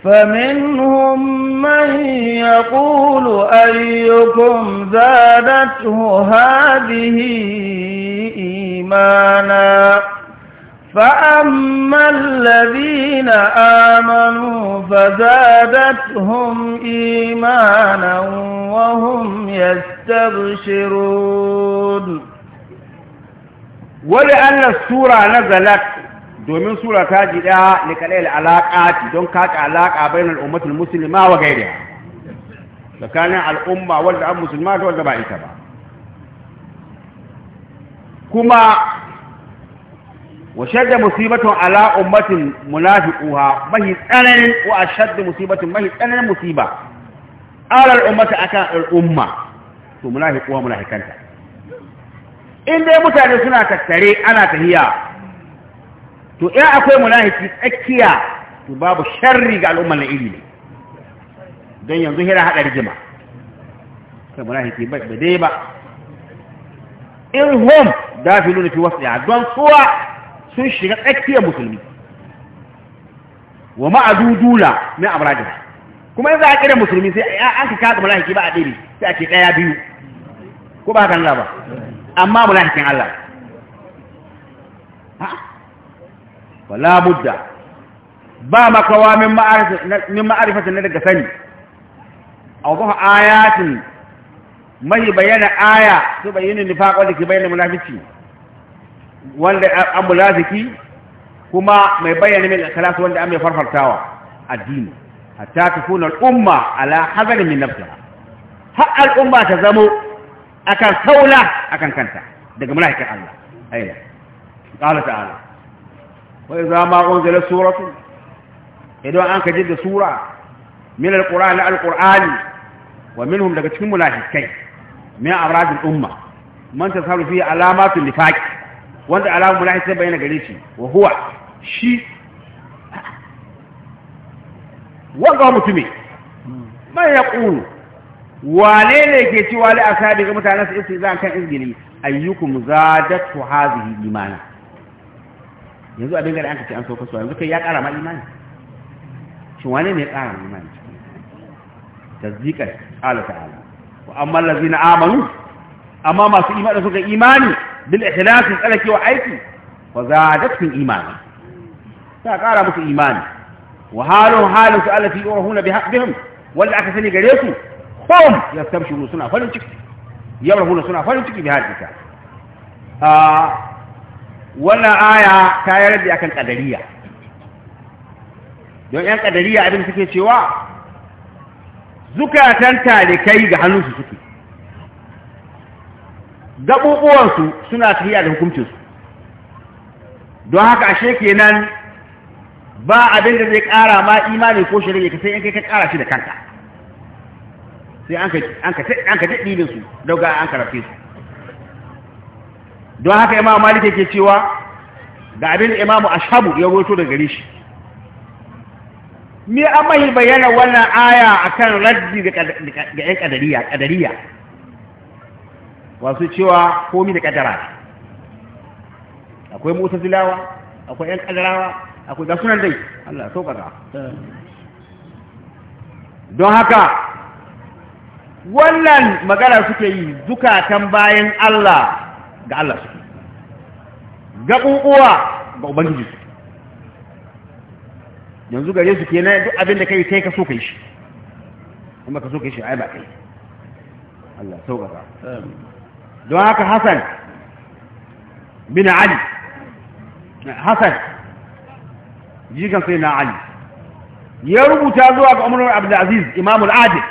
فمنهم من يقول ايكم زادته هذه ايمانا فأما الذين آمنوا فزادتهم إيمانا وهم يستبشرون ولأن السورة نزلت دومين سورة تاجدها لكالي العلاقات دون كاك علاقة بين الأمة المسلمة وغيرها لكان الأمة والعب المسلمات والدبائي كما كما وشد مصيبة على أمة منافقوها مهي أنن وأشد مصيبة مهي أنن مصيبة على الأمة أكا الأمة منافقوها منافقانتا إن دي متعني سنة تكتري أنا تهيا تو إيه أكوي منافقي أكيا تو باب الشر قال الأمة لإلي دين ينظهر هذا الجمع كمنافقي بديبا إن هم دافلون في وصلها دون صور sun shiga tsakiyar musulmi wa ma'aduduna min amrajin kuma yanzu a ƙirar musulmi sai an ka kada mulahiki ba a ɗebe sai a ke ɗaya biyu ko ba kan ba amma mulahikin Allah wala budda ba makawa min ma'arifatin na daga sani a wata ayatin mai bayyana aya su bayyana nifaƙon da ke bayyana munafici wanda an mulaziki kuma mai bayyana min al-kalas wanda an mai farfartawa addini hatta takuna al-umma ala hazar min nafsiha har al-umma ta zamo akan saula akan kanta daga mulaikan Allah aina qala ta'ala wa idza ma unzila suratu idan an ka jidda sura min al-qur'ani al-qur'ani wa minhum daga cikin mulaikai min amradil umma man tasaru fi alamatul nifaq wanda alamun lahi sai bayyana gare shi wa huwa shi wanga mutumi mai ya ƙuru wane ne ke ci wale a sabi ga mutanen su isi za kan izgini ayyukum zadatu hazihi imana yanzu abin gari an kace ce an so su yanzu kai ya ƙara ma imani shi wane ne ƙara ma imani tazikar ala ta'ala wa amma allazina amanu amma masu imani suka imani bil ikhlas tsarake wa aiki fa zadatkum imani ta kara musu imani wa halu halu su allati yurhuna bihim wanda aka sani gare su hum yastabshiru suna farin ciki yurhuna suna farin ciki bi hadisa a wannan aya ta yarda akan qadariya don yan qadariya abin suke cewa zukatan talikai ga hannunsu suke gaɓuɓuwansu suna tafiya da hukuncinsu don haka ashe kenan ba abin da zai ƙara ma imani ko shirya ka sai yanka kai ka ƙara shi da kanka sai an ka daɗi da su daga an karafe su don haka imam malik ke cewa da abin da imamu ashabu ya roto da gare shi me an mahi bayyana wannan aya akan raddi ga 'yan ƙadariya wasu cewa komi da kadara akwai zilawa akwai yan kadarawa akwai gasu nan dai Allah sauƙaƙa don haka wannan magana suke yi zukatan bayan Allah ga Allah suke gaɓuɓuwa ga Ubangiji su yanzu gare su ke nan duk abin da kai sai ka so kai yi shi kuma ka so kai yi shi ai ba kai Allah sauƙaƙa don haka Hassan bin Ali Hassan jikan sai na Ali ya rubuta zuwa ga Umar Abdulaziz Imam al-Adil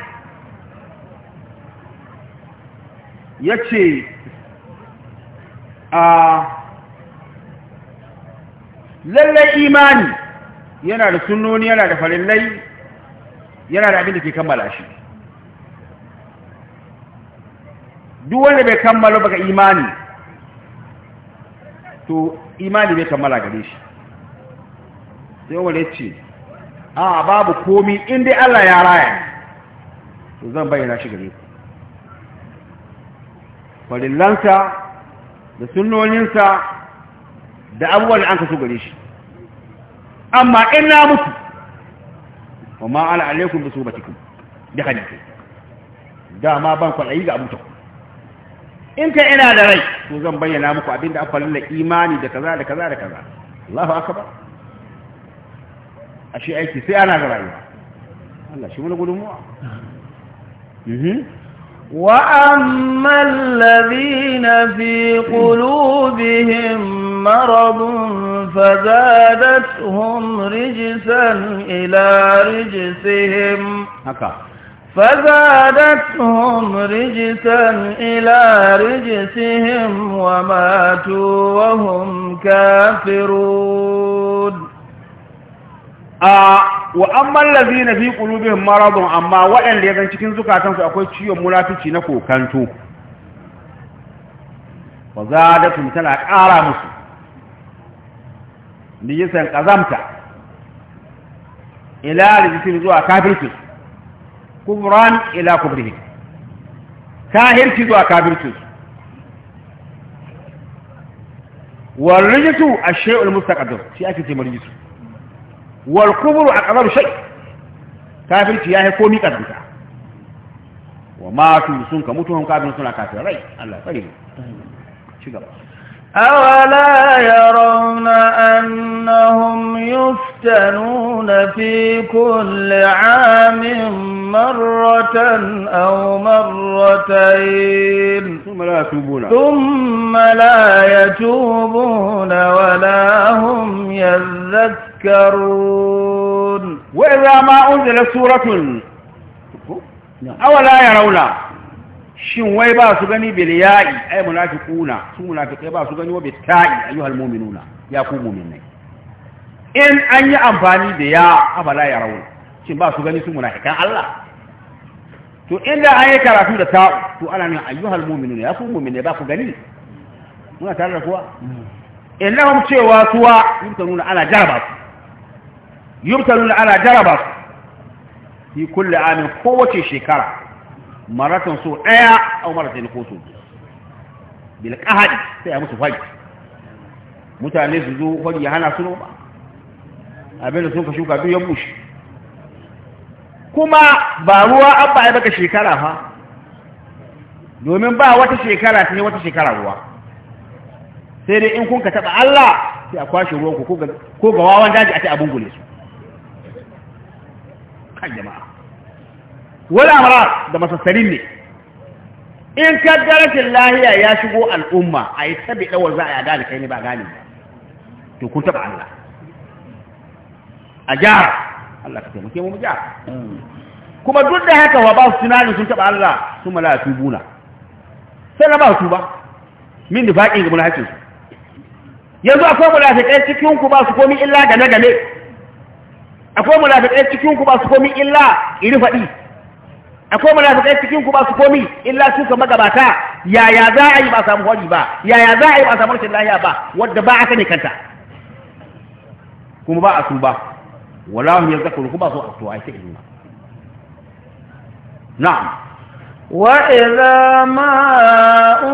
ce a ah, lallai imani yana da sunnoni yana da farillai yana da abin da ke kammala shi duk wanda bai kammala baka imani to imani bai kammala gare shi sai wanda ya ce a babu komi inda Allah ya raya to zan bayyana shi gare ku farillansa da sunnoninsa da abubuwan da an kaso gare shi amma in na mutu wa ma'ala da su subatikum da hadisi dama ban kwalayi ga abutanku in ka ina da rai to zan bayyana muku abin da an falalla imani da kaza da kaza da kaza Allahu akbar ashe aiki sai ana da rayuwa Allah shi mun gudunmuwa وأما الذين في قلوبهم مرض فزادتهم رجسا إلى رجسهم فزادتهم رجسا إلى رجسهم وماتوا وهم كافرون آه وأما الذين في قلوبهم مرض أما وإن ليذن cikin zukatansu akwai ciwon munafici na kokanto fazadatum tana ƙara musu nisan ƙazamta. ila rijisin zuwa kafirci kufran ila kufrihi kahirci zuwa kafirci wal rijtu ash-shay'ul mustaqaddim shi ake ce marjisu wal kubru aqrabu shay kafirci yayi komi kadanta wa matu sun ka mutu hum kafirun suna kafirai Allah tsare mu ci gaba أولا يرون أنهم يفتنون في كل عام مرة أو مرتين ثم لا يتوبون ثم لا يتوبون ولا هم يذكرون وإذا ما أنزل سورة نعم. أولا يرون shin wai ba su gani bil ya'i ay munafiquna su munafiqai ba su gani wa bil ta'i ayyuhal mu'minuna ya ku mu'minai in an yi amfani da ya afala ya rawu shin ba su gani su munafiqan Allah to inda an yi karatu da ta'u to ana ne ayyuhal mu'minuna ya ku mu'minai ba ku gani muna tare da kuwa innahum cewa suwa yumtanuna ana jaraba su yumtanuna ana jaraba su fi kulli amin kowace shekara maratan so ɗaya a marata ne ko so bil kahad sai a musu fagi mutane su zo fagi ya hana su noma abinda sun ka shuka duk ya bushe kuma ba ruwa an ya baka shekara fa domin ba wata shekara ta wata shekara ruwa sai dai in kun ka taɓa Allah sai a kwashe ruwanku ko ga wawan daji a ta abin gule su kan jama'a wal amrar da masassarin ne in ka rashin lahiya ya shigo al'umma a yi tabi ɗawar za a yi gane kai ne ba gane ba to kun taɓa Allah a jihar Allah ka taimake mu jihar kuma duk da haka wa ba su tunani sun taɓa Allah sun mala a tubuna sai na ba su ba min da faƙin ga mulhakin su yanzu akwai munafiƙai cikin ku ba su komi illa game-game, gane akwai munafiƙai cikin ku ba su komi illa iri faɗi akwai munafikai cikin ku ba su komi illa su ka magabata yaya za a yi ba samu wani ba yaya za a yi ba samu rashin lahiya ba wadda ba aka ne kanta kuma ba a su ba wala hum yazakuru kuma so a to ai sai ilma na'am wa idza ma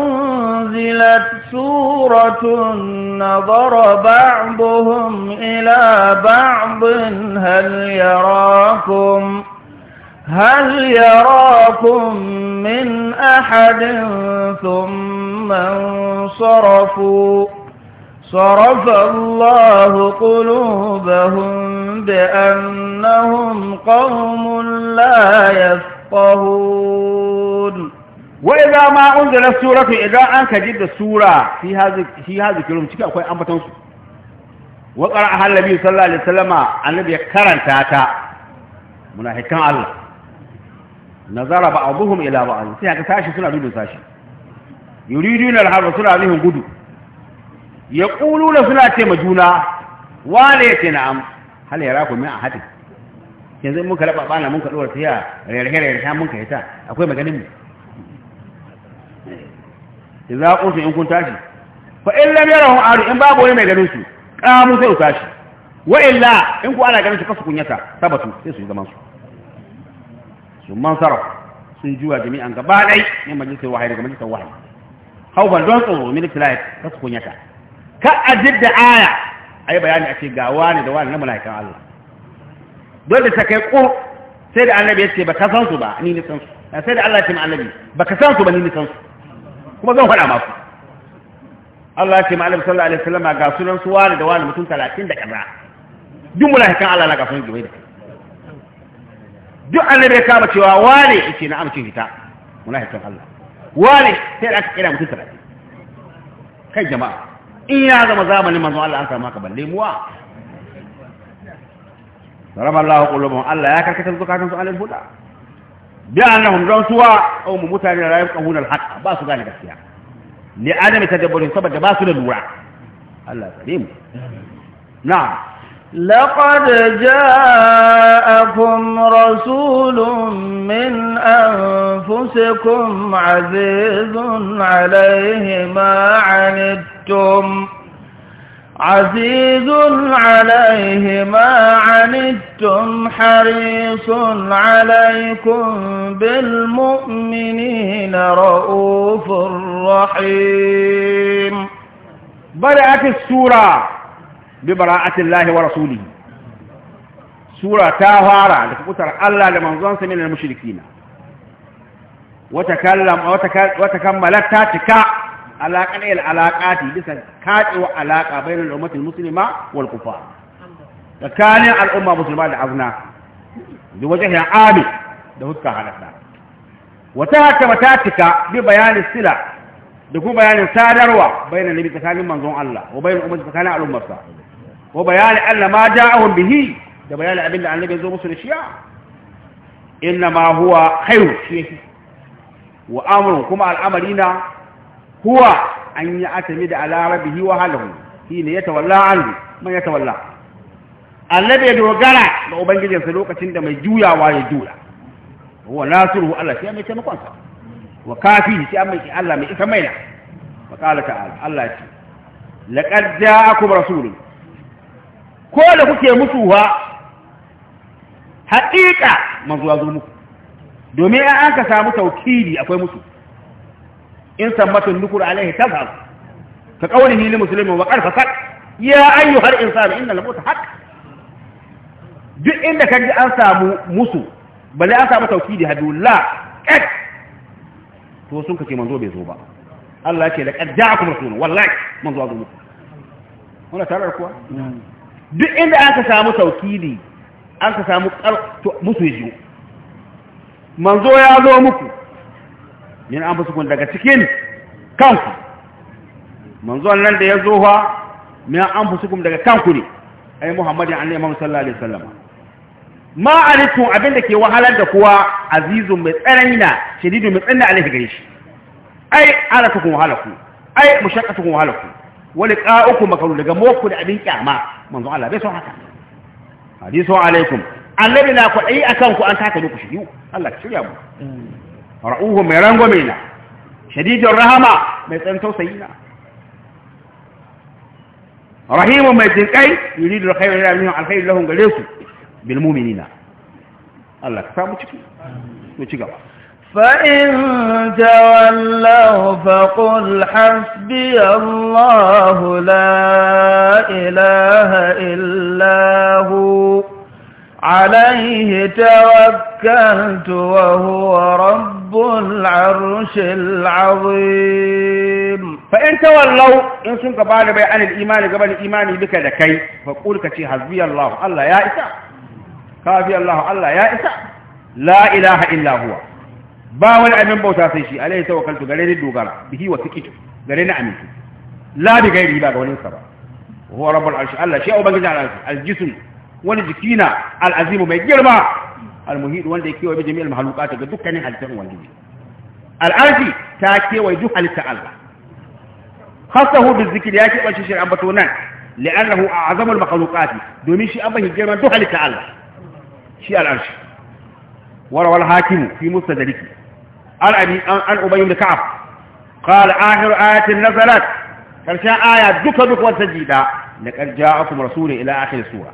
unzilat suratun nadara ba'dhum ila ba'd hal yarakum هل يراكم من أحد ثم انصرفوا صرف الله قلوبهم بأنهم قوم لا يفقهون وإذا ما أنزلت سورة إذا أنك جد السورة في هذا في هذه الكلام تكي أخوي أم وقرأها النبي صلى الله عليه وسلم النبي كرن تاتا منافقان الله nazara ba'dhum ila ba'd sai aka sashi suna dudun sashi yuridun al-harb suna nihin gudu yaquluna suna ce ma juna wale yace na'am hal yarakum min ahadin yanzu mun karɓa bana mun kaɗuwar ta ya rarrahe ta mun ka hita akwai maganin mu da za ku in kun tashi fa in lam yarahu aru in babu wani mai ganin su qamu sai su tashi wa illa in ku ana ganin su kasu kunyata sabatu sai su yi zaman su sun mansara sun juwa jami'an gaba dai ne majalisar wahayi daga majalisar wahayi hauban don tsoro min tilayat ta su kunyata ka ajid da aya yi bayani a ce ga wani da wani na mala'ikan Allah dole ta kai ko sai da annabi ya ce ba ka san su ba ni ni san su sai da Allah ya ce ma annabi ba ka san su ba ni ni san su kuma zan faɗa maku Allah ya ce ma annabi sallallahu alaihi wasallam ga sunan su wani da wani mutum 30 da kaza duk mala'ikan Allah na ga sunan gibe da duk annabi ya kama cewa wane yake na amincin fita munafikin Allah wane sai da aka kira mutum talatin kai jama'a in ya zama zamanin manzon Allah an samu haka balle muwa ضرب الله قلوبهم الله يا كركتن زكاتن سؤال الهدى بأنهم دون سوى أو ممتان لا يفقهون الحق باسو ذلك السياق لعدم تدبر سبب باسو للورع الله سليم نعم لقد جاءكم رسول من أنفسكم عزيز عليه ما عنتم عزيز عليه ما عنتم حريص عليكم بالمؤمنين رؤوف رحيم بدأت السورة bi bara'atin lahi wa rasulihi sura ta fara da kutar Allah da manzon min na mushrikina wata kallam wata kammalat ta cika alaƙan il alaƙati bisa katsewa alaƙa bainul ummati muslima wal kufar tsakanin al'umma musulma da azna bi wajhi amin da huska halatta wata hakama ta cika bi bayanin sila da kuma bayanin sadarwa da bi tsakanin manzon Allah wa bainul ummati tsakanin al'ummarsa Ko bayani Allah ma ja'ahum bihi da bayani abinda annabi zo musu da shi inna ma huwa khairu shi wa amru kuma al'amarina huwa an yi atami da ala bihi wa halahu hina yatawalla anhu man yatawalla annabi ya dogara ga sa lokacin da mai juyawa ya jura. huwa nasiru Allah shi mai taimakon sa wa kafi shi mai Allah mai isa maina wa qala ta'ala Allah ya ce laqad ja'akum rasulun ko da kuke mutuwa haƙiƙa manzo ya zo muku domin ya an ka samu taukidi akwai musu. in sammatun nukur alaihi tazhab ka qawlihi lil muslimin wa qarfa sak ya ayyuhal insanu innal mauta haƙ. duk inda kaji an samu musu balle an samu taukidi hadullah kad to sun kace manzo bai zo ba Allah ya ce laqad ja'akum rasulun wallahi manzo zo muku wannan tarar kuwa duk inda aka samu an aka samu musu yi manzo ya zo muku yana an fusukun daga cikin kanku manzo nan da ya zo wa, min an fusukun daga kanku ne ai muhammadin an muhammad sallallahu alaihi wasallam ma abin abinda ke wahalar da kuwa azizun mai tsanani na shadidu mai tsanani alaihi gare shi ai alakakum ku, ai mushaqqatukum halaku wa liqa'ukum makaru daga moku da abin kyama manzo Allah bai so haka hadisu alaikum annabi na kwaɗayi a kanku an taka duku shiryu Allah ka shirya mu ra'uhu mai rangwame na shadidin rahama mai tsan tausayi na rahimu mai jinƙai yuridu da khairu ya alkhairu lahun gare bil mu'minina Allah ka samu ciki mu ci gaba فإن تولوا فقل حسبي الله لا إله إلا هو عليه توكلت وهو رب العرش العظيم فإن تولوا إن سنك بالي بيان الإيمان قبل الإيمان بك لكي فقل كتي حسبي الله الله يا إساء كافي الله الله يا إساء لا إله إلا هو ba wani abin bauta sai shi alaihi tawakkaltu gare ni dogara bihi wa tikitu gare ni amintu la bi gairi ba ga wani sa ba huwa rabbul arshi Allah shi ubangiji al-arshi al-jism wani jikina al'azimu azim mai girma al-muhit wanda yake wa jami'al mahluqat ga dukkanin halittun ubangiji al-arshi ta kewaye duk halitta Allah khassahu bi zikri yake bace shi ambato nan li'annahu a'zamul makhluqat domin shi abahi girma duk halitta Allah shi al-arshi وروى الحاكم في مستدركه عن أبي عن أبي بن كعب قال آخر آية نزلت كرشا آية دك دك وتجيدا لقد جاءكم رسول إلى آخر السورة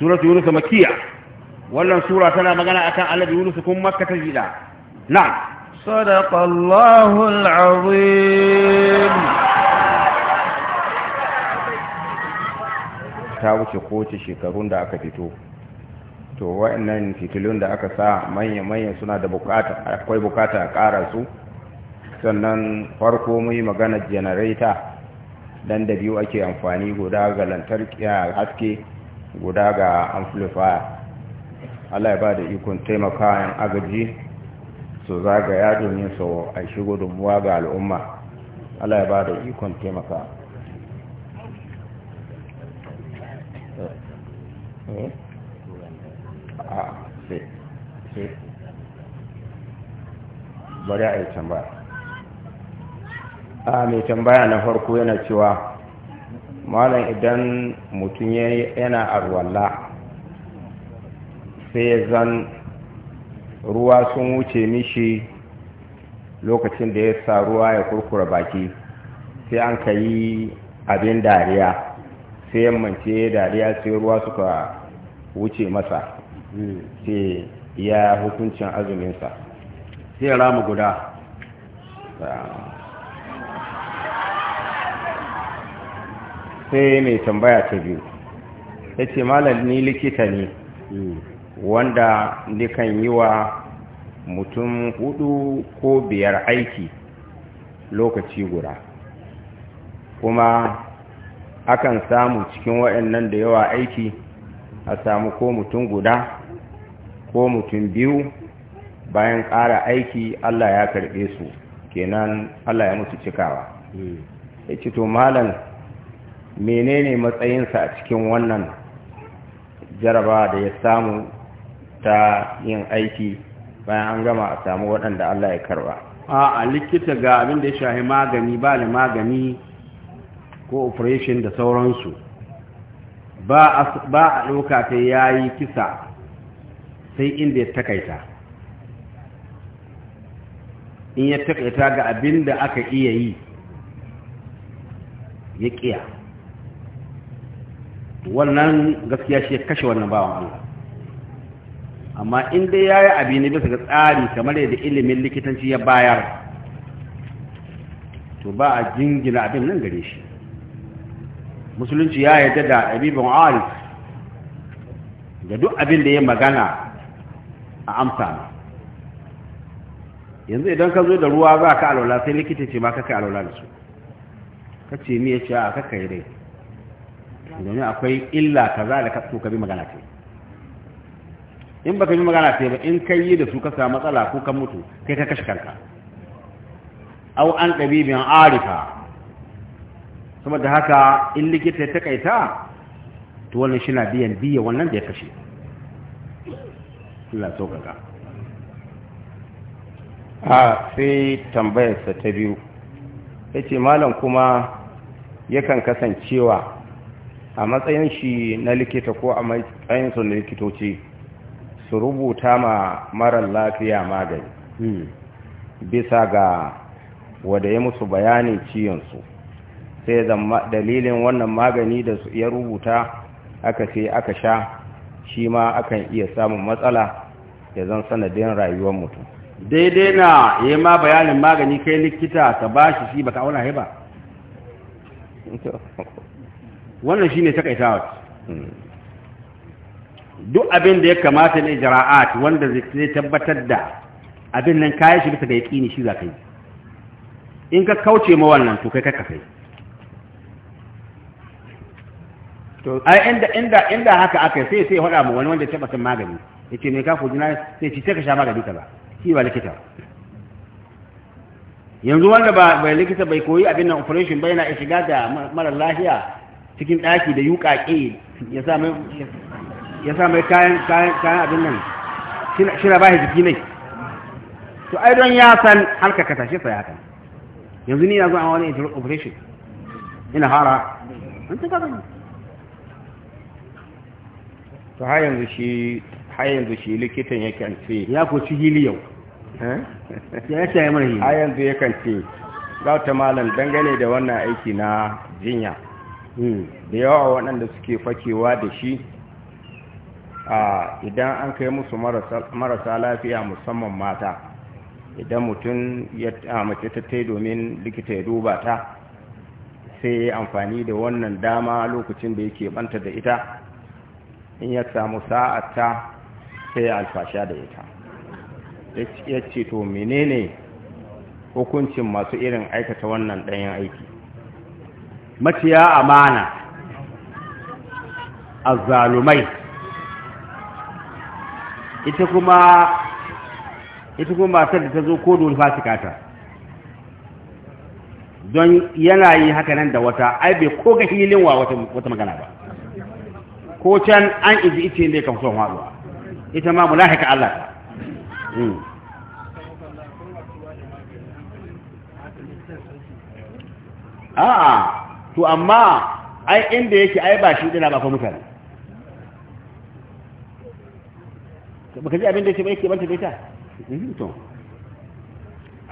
سورة يونس مكية ولا سورة تنا مغنى أكان الذي يونس كم مكة تجيدا نعم صدق الله العظيم ta wuce kowace shekarun da to wa'annan fitilun da aka sa manya-manya suna da bukata akwai bukata a ƙara su sannan farko mu yi magana janareta dan da biyu ake amfani guda ga lantarki a haske guda ga amplifier Allah ya ba da ikon taimaka yan agaji su zagaya domin su a shigo dumuwa ga al'umma Allah ya ba da ikon taimaka Mm-hmm. bari a yi tambaya a mai tambaya na farko yana cewa malam idan mutum yana arwalla sai ya zan ruwa sun wuce mishi lokacin da ya sa ruwa ya kurkura baki sai an ka yi abin dariya sai yammance dariya sai ruwa suka wuce masa hmm. sai ya hukuncin azuminsa sai ya guda sai mai tambaya ta biyu ya ce malar ni likita ne wanda nikan yi wa mutum hudu ko biyar aiki lokaci guda kuma akan samu cikin waɗannan da yawa aiki a samu ko mutum guda ko mutum biyu bayan ƙara aiki Allah ya karɓe su kenan Allah ya mutu cikawa hmm. ya ce to malam menene matsayinsa a cikin wannan jaraba da ya samu ta yin aiki bayan an gama a samu waɗanda Allah ya karɓa a likita ga abin da ya shahi magani ba da magani ko operation da sauransu ba a ɗauka ta yayi kisa sai inda ya takaita in ya takaita ga abin da aka iya yi ya ƙiya wannan gaskiya shi ya kashe wannan bawan Allah amma in dai ya yi abin ne bisa ga tsari kamar yadda ilimin likitanci ya bayar to ba a jingina abin nan gare shi musulunci ya yarda da abin arif da duk abin da ya magana a amsa na yanzu idan ka zo da ruwa za ka alwala sai likita ce ma ka kai alwala da su ka ce ni ya ce a ka yi dai domin akwai illa ka za da ka so ka bi magana ce in baka bi magana ce ba in kai yi da su ka samu matsala ko kan mutu kai ka kashe kanka au an ɗabibin arifa saboda haka in likita ya takaita to wannan shi na biyan biya wannan da ya kashe Allah sauƙaƙa a sai tambayarsa ta biyu ya ce malam kuma yakan kasancewa a matsayin shi na likita ko a matsayin su na likitoci su rubuta ma marar lafiya magani hmm. bisa ga wadda ya musu bayanin ciyonsu sai zama dalilin wannan magani da su iya rubuta aka sai aka sha shi ma akan iya samun matsala ya zan sanadin rayuwar mutum daidai na yi ma bayanin magani kai likita ka ba shi shi baka auna haiba wannan shi ne takaitawa hmm. duk abin da ya kamata ne jara'at wanda zai tabbatar da abin nan kayan shi bisa ga ƙini shi za ka yi in ka kauce ma wannan to kai ka kai to ai inda inda inda haka aka sai sai faɗa mu wani wanda ya taɓa san magani yace me ka kujina sai ci sai ka sha magani ka ba, shi ba likita yanzu wanda ba bai likita bai koyi abin nan operation bai na shiga da mara lafiya cikin ɗaki da yuƙaƙe ya sa mai ya sa mai kayan kayan kayan abin nan shira ba jiki ne to ai don ya san harka ka tashi sai haka yanzu ni na zo a wani operation ina fara an ta gaba to har yanzu shi har yanzu shi likitan ce ya ko ci yau eh? ya ce mai har yanzu ce ta malam dangane da wannan aiki na jinya hmm. da yawa waɗanda suke fakewa da shi idan an kai musu marasa lafiya musamman mata idan mutum ya mace ta tai domin likita ya duba ta sai ya amfani da wannan dama lokacin da yake banta da ita in ya samu sa'ata sai ya alfasha da ita ya ce to menene hukuncin masu irin aikata wannan ɗanyen aiki maciya amana a zalumai ita kuma ita kuma matar da ta zo ko da fasikata don yana yi haka nan da wata ai ko ga hilin wa wata magana ba ko can an iji ice ne kan son haɗuwa, ita ma mu lahika Allah ta hmm. a'a to amma ai inda yake ai ba shi dina ba fa mutane baka ji abin da ce ba yake banta da ta. Hmm, to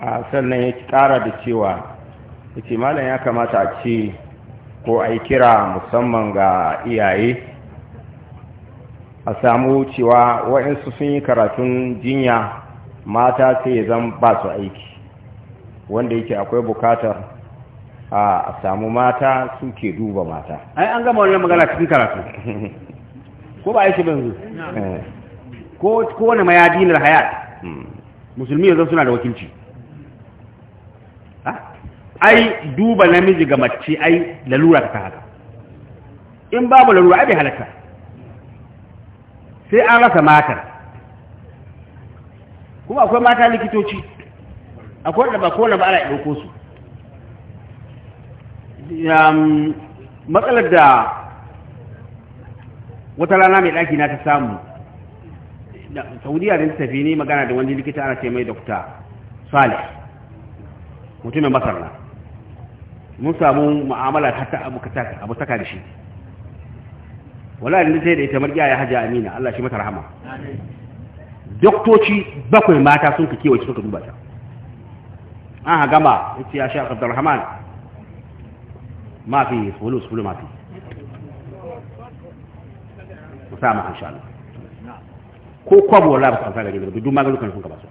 a sannan ya kara da cewa yake malam ya kamata a ce ko ai kira musamman ga iyaye a samu cewa waɗansu sun yi karatun jinya mata sai ya zan ba su aiki wanda yake akwai bukatar a samu mata suke duba mata ai an gama wannan magana cikin karatu ko ba aiki banzu ko wani mayadinar hayat hmm. musulmi yanzu suna da wakilci ai duba namiji ga mace ai lalura ta haka in babu lalura ai bai halatta sai an rasa matar kuma akwai mata likitoci akwai wanda ba kone ba ana ɗauko su um, matsalar da wata rana mai ɗaki na ta samu saudiya da tafi ne magana da wani likita ana ce mai dokta salih mutumin masar mun samu mu'amala ta abu da shi wala da sai da ita marƙiya ya haja amina Allah shi mata rahama doktoci bakwai mata sun ka kewace suka duba ta an ha gama yace ya sha Abdulrahman ma fi fulus fulu ma fi musama insha Allah ko kwabo wala ba san gari ba duk maganin sun ka ba su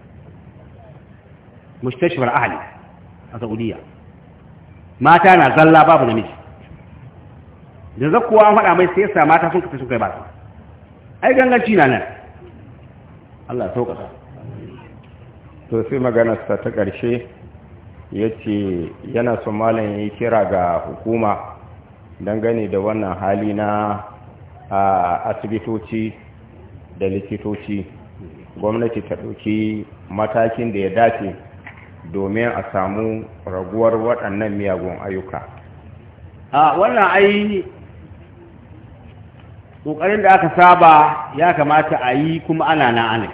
mustashfar ahli a Saudiya mata na zalla babu namiji da zakuwa an faɗa mai sai yasa mata sun kafa sun kai ba su ai ganganci na nan Allah sauƙa to sai maganarsa ta ƙarshe yace yana son malam ya yi kira ga hukuma dangane da wannan hali na a asibitoci da likitoci gwamnati ta ɗauki matakin da ya dace domin a samu raguwar waɗannan miyagun ayyuka a wannan ai ƙoƙarin da aka saba ya kamata a yi kuma ana na ana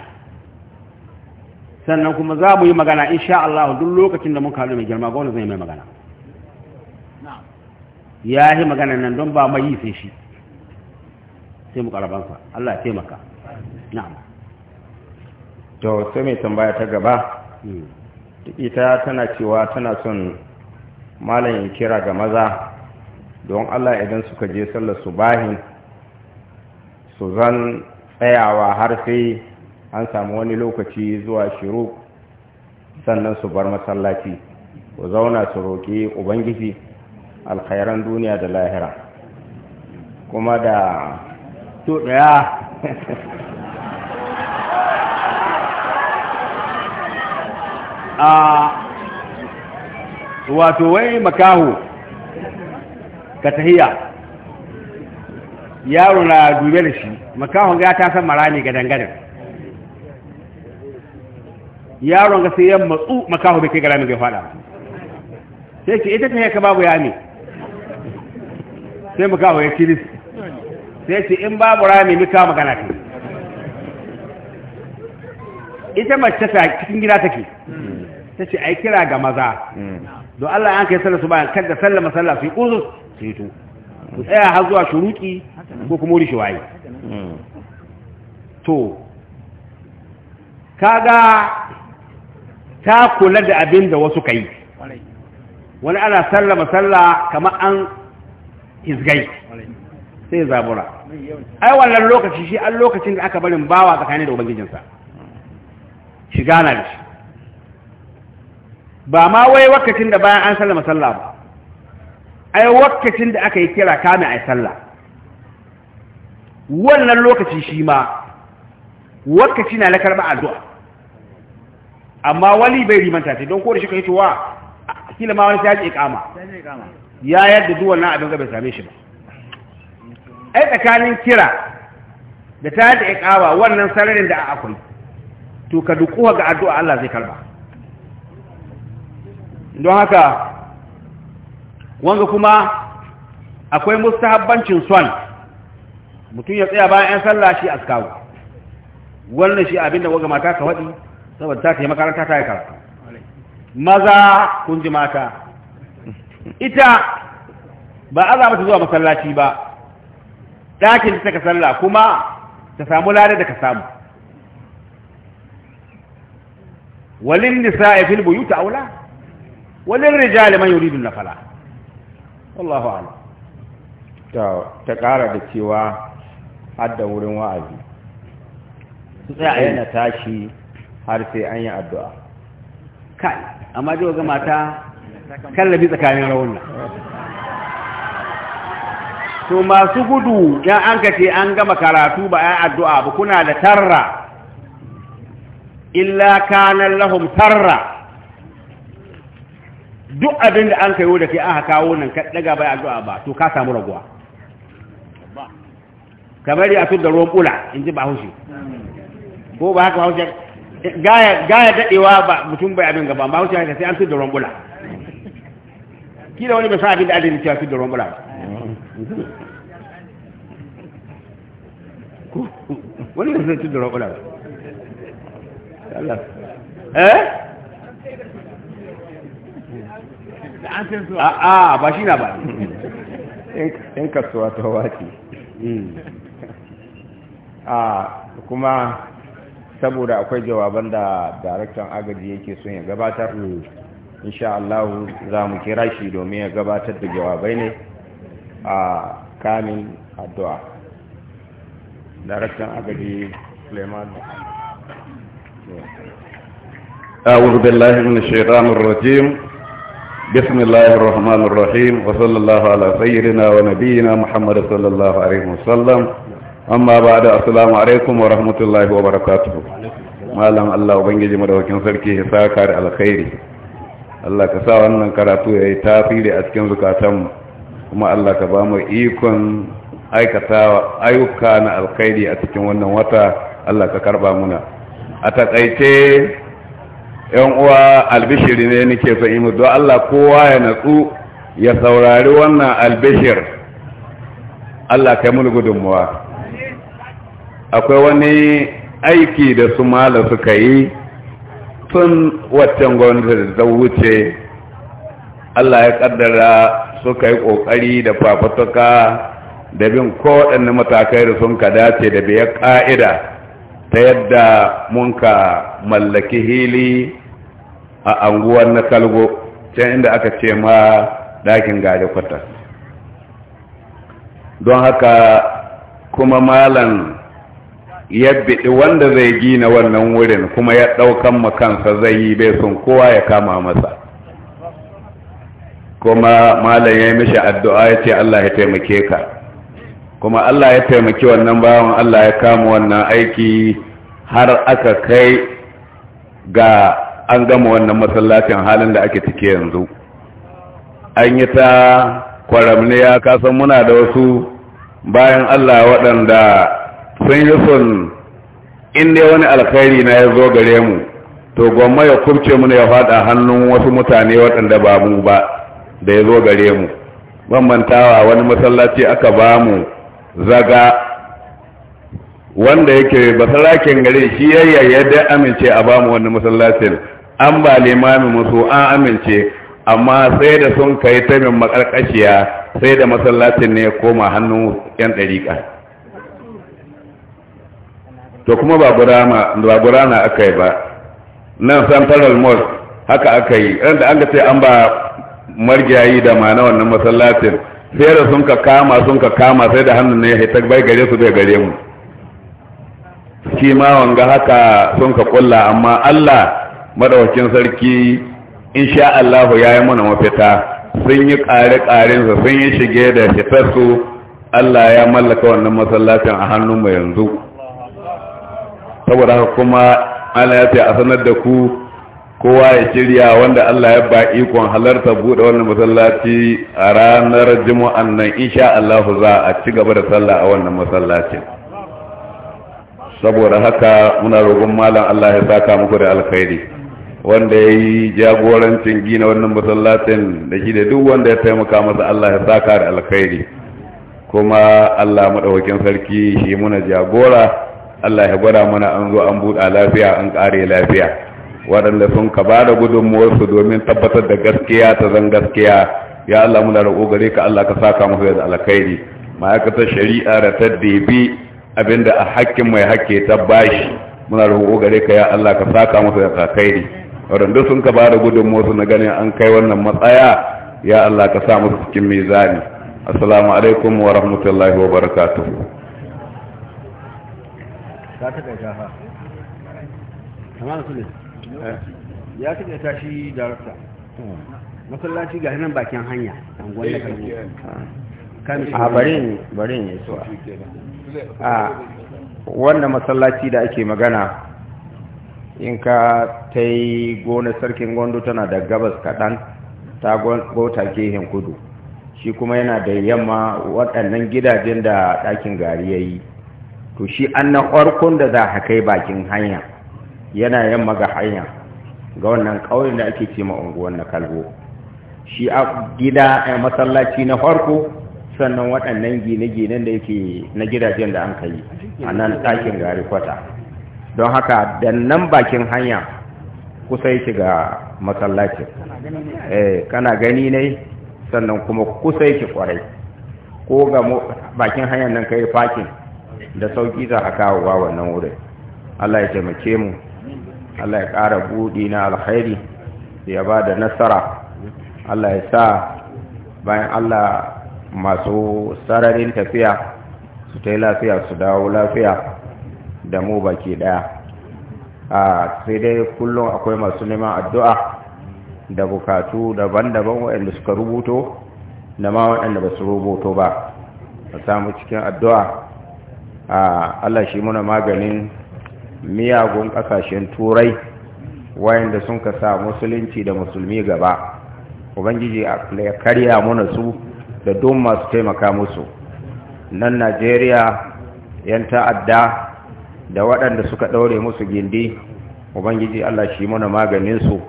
sannan kuma za mu yi magana insha Allah duk lokacin da mun kalu mai girma gwamna zai mai magana ya yi magana nan don ba mai yi sai shi sai mu ƙarabansa Allah ya taimaka na'am to sai mai tambaya ta gaba hmm. ita tana cewa tana son malam kira ga maza don Allah idan suka je sallar subahin su zan tsayawa har sai an samu wani lokaci zuwa shiru sannan su bar masallaci ku zauna su roƙi ubangiji alkhairan duniya da lahira kuma da tuɗaya wato wai makaho ka tahiya yaro na dube da shi makahon ga ta san marami ga dangaren yaron ga sai ya matsu makahon bai kai ga ramin ga fada sai ki ita ta yaka babu yami sai makahon ya kiris sai ce in babu rami mika magana ta ita mace ta cikin gida take ta ce ai kira ga maza don Allah an kai sallar su bayan kada sallama sallah su yi ƙuzus su yi tu su tsaya har zuwa shuruki ko kuma wuri shi waye to kaga ta kula da abin da wasu kai wani ana sallama sallah kamar an hizgai sai zabura ai wannan lokaci shi an lokacin da aka barin bawa tsakanin da ubangijinsa shiga na da shi ba ma wai wakacin da bayan an sallama sallah ba ai wakacin da aka yi kira kame a yi sallah wannan lokaci shi ma wakaci na na karɓa addu'a amma wali bai rimanta ce don kore shi ka yi cewa kila ma wani sai ya ya yadda duwan na abin gaba same shi ba ai tsakanin kira da ta yadda ikama wannan sararin da akwai to ka dukuwa ga addu'a Allah zai karba don haka wanga kuma akwai mustahabbancin son mutum ya tsaya bayan 'yan sallah shi a askawo wannan shi abin da waga mata ka waɗi saboda ta yi makaranta ta yi karatu maza kun ji mata ita ba a za mata zuwa masallaci ba ɗakin ta ka sallah kuma ta samu lada da ka samu walin nisa nisa'i fil buyuti aula walin rijali man yuridu nafala wallahu a'lam ta ƙara da cewa hadda wurin wa'azi sai a yana tashi har sai an yi addu'a kai amma ji waga mata kallabi tsakanin raunin to masu gudu yan an ka ce an gama karatu ba 'yan addu'a ba kuna da tarra illa kanan lahum tarra duk abin da an kayo da ke aka kawo nan ka daga bai addu'a ba to ka samu raguwa kamar ya da ruwan ƙula in ji bahaushe ko ba haka bahaushe gaya gaya ba mutum bai abin gaba bahaushe haka sai an da ruwan Ki da wani bai san abin da adini cewa da ruwan ƙula ba wani bai san da ruwan ƙula ba a eh a'a ba shi na ba in kasuwa ta wace a kuma saboda akwai jawaban da daraktan agaji yake son ya gabatar insha Allah za mu kira shi domin ya gabatar da jawabai ne a kamin addu'a daraktan agaji Suleiman أعوذ بالله من الشيطان الرجيم بسم الله الرحمن الرحيم وصلى الله على سيدنا ونبينا محمد صلى الله عليه وسلم amma ba da assalamu alaikum wa rahmatullahi wa barakatuhu malam Allah ubangiji madaukakin sarki ya saka da alkhairi Allah ka sa wannan karatu yayi yi tasiri a cikin zukatanmu kuma Allah ka ba mu ikon aikatawa ayyuka na alkhairi a cikin wannan wata Allah ka karba muna a takaice yan uwa albishiri ne nake so yi don Allah kowa ya natsu ya saurari wannan albishir Allah kai mun gudunmuwa akwai wani aiki da su mala suka yi tun waccan gwamnati da ta wuce Allah ya kaddara suka yi kokari da fafatuka da bin kowaɗanne matakai da sun ka dace da biyar ƙa'ida ta yadda mun ka mallaki hili a anguwar na kalgo can inda aka ce ma dakin gari kwatas don haka kuma malan ya biɗi wanda zai gina wannan wurin kuma ya ɗaukan makansa zai yi bai sun kowa ya kama masa kuma malam ya yi mishi addu'a ya ce Allah ya taimake ka kuma Allah ya taimaki wannan bawan Allah ya kama wannan aiki har aka kai ga an gama wannan masallacin halin da ake cike yanzu an yi ta kwaramniya kasan muna da wasu bayan Allah waɗanda sun yi son in dai wani alkhairi na ya zo gare mu to gwamma ya kubce mu ya faɗa hannun wasu mutane waɗanda ba mu ba da ya zo gare mu bambantawa wani masallaci aka ba mu zaga wanda yake basarakin gare shi yayya yadda amince a ba mu wani masallacin an ba limamin musu an amince amma sai da sun kai ta min makarkashiya sai da masallacin ne ya koma hannun yan ɗariƙa to kuma ba burana aka yi ba nan central mall haka aka yi da an ga ce an ba margiyayi da ma na wannan masallacin sai da sun ka kama sun ka kama sai da hannun ne ya bai gare su bai gare mu shi ma wanga haka sun ka kulla amma Allah madaukakin sarki insha Allah ya yi mana mafita sun yi ƙare-ƙarensa sun yi shige da fitarsu Allah ya mallaka wannan masallacin a hannun mu yanzu saboda haka kuma ana yace a sanar da ku kowa ya shirya wanda Allah ya ba ikon halarta bude wannan masallaci a ranar juma'an nan insha Allah za a ci gaba da sallah a wannan masallacin saboda haka muna roƙon malam Allah ya saka muku da alkhairi wanda ya yi jagorancin gina wannan masallacin da shi da duk wanda ya taimaka masa Allah ya saka da alkhairi kuma Allah maɗaukakin sarki shi muna jagora Allah ya gwada mana an zo an buɗa lafiya an ƙare lafiya waɗanda sun ka ba da gudunmuwarsu domin tabbatar da gaskiya ta zan gaskiya ya Allah muna roƙo gare ka Allah ka saka musu da alkhairi ma'aikatar shari'a da ta debi abinda a hakkin mai hakke ta bashi muna roƙo gare ka ya Allah ka saka musu da alkhairi waɗanda sun ka ba da gudunmuwarsu na ganin an kai wannan matsaya ya Allah ka sa musu cikin mizani assalamu alaikum wa rahmatullahi wa barakatuh ka taƙaita ha kamar su ne eh. ya taƙaita shi darakta hmm. masallaci ga nan bakin hanya angon da karbo a barin barin ya su a Wanda masallaci da ake magana in ka ta yi gona sarkin gondo tana da gabas kaɗan ta gota gehen kudu shi kuma yana da yamma waɗannan gidajen da ɗakin gari ya yi to shi an na farkon da za a kai bakin hanya yana yamma ga hanya ga wannan ƙauyen da ake ce ma unguwar na kalbo shi a gida a masallaci na farko sannan waɗannan gine-ginen da yake na gidajen da an kai a nan ɗakin gari kwata don haka da nan bakin hanya kusa yake ga masallacin eh, kana gani ne sannan kuma kusa yake kwarai ko ga bakin hanyar nan kai fakin da sauki za a kawo wa wannan wurin Allah ya taimake mu Allah ya ƙara buɗi na alkhairi ya ba da nasara Allah ya sa bayan Allah masu sararin tafiya su ta lafiya su dawo lafiya da mu baki ɗaya a sai dai kullum akwai masu neman addu'a da bukatu daban-daban waɗanda suka rubuto da ma waɗanda ba su rubuto ba a samu cikin addu'a Allah shi muna maganin miyagun ƙasashen turai wayanda sun ka sa musulunci da musulmi gaba ubangiji ya karya muna su da don masu taimaka musu nan najeriya yan ta'adda da waɗanda suka ɗaure musu gindi ubangiji allah shi muna maganinsu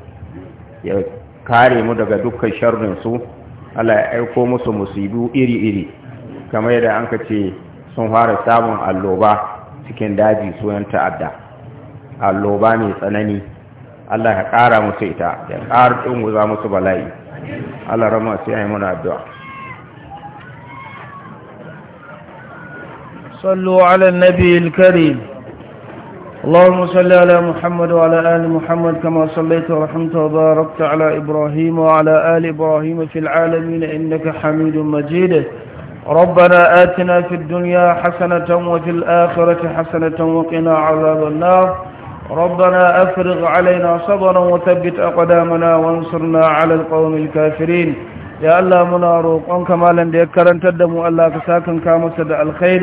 ya kare mu daga dukkan su allah ya aiko musu musibu iri-iri kamar yadda an ka ce sun fara samun alloba cikin daji sunan ta'adda alloba mai tsanani Allah ya ƙara musu ita ya ƙara ɗunguza musu bala'i Allah rama sai ya yi muna addu'a صلوا على النبي الكريم اللهم صل على محمد وعلى آل محمد كما صليت ورحمت وباركت على إبراهيم وعلى آل إبراهيم في العالمين إنك حميد مجيد ربنا آتنا في الدنيا حسنة وفي الآخرة حسنة وقنا عذاب النار ربنا أفرغ علينا صبرا وثبت أقدامنا وانصرنا على القوم الكافرين يا الله منا روقانك مالا ديكرا تدموا الله كساكن كامسد الخير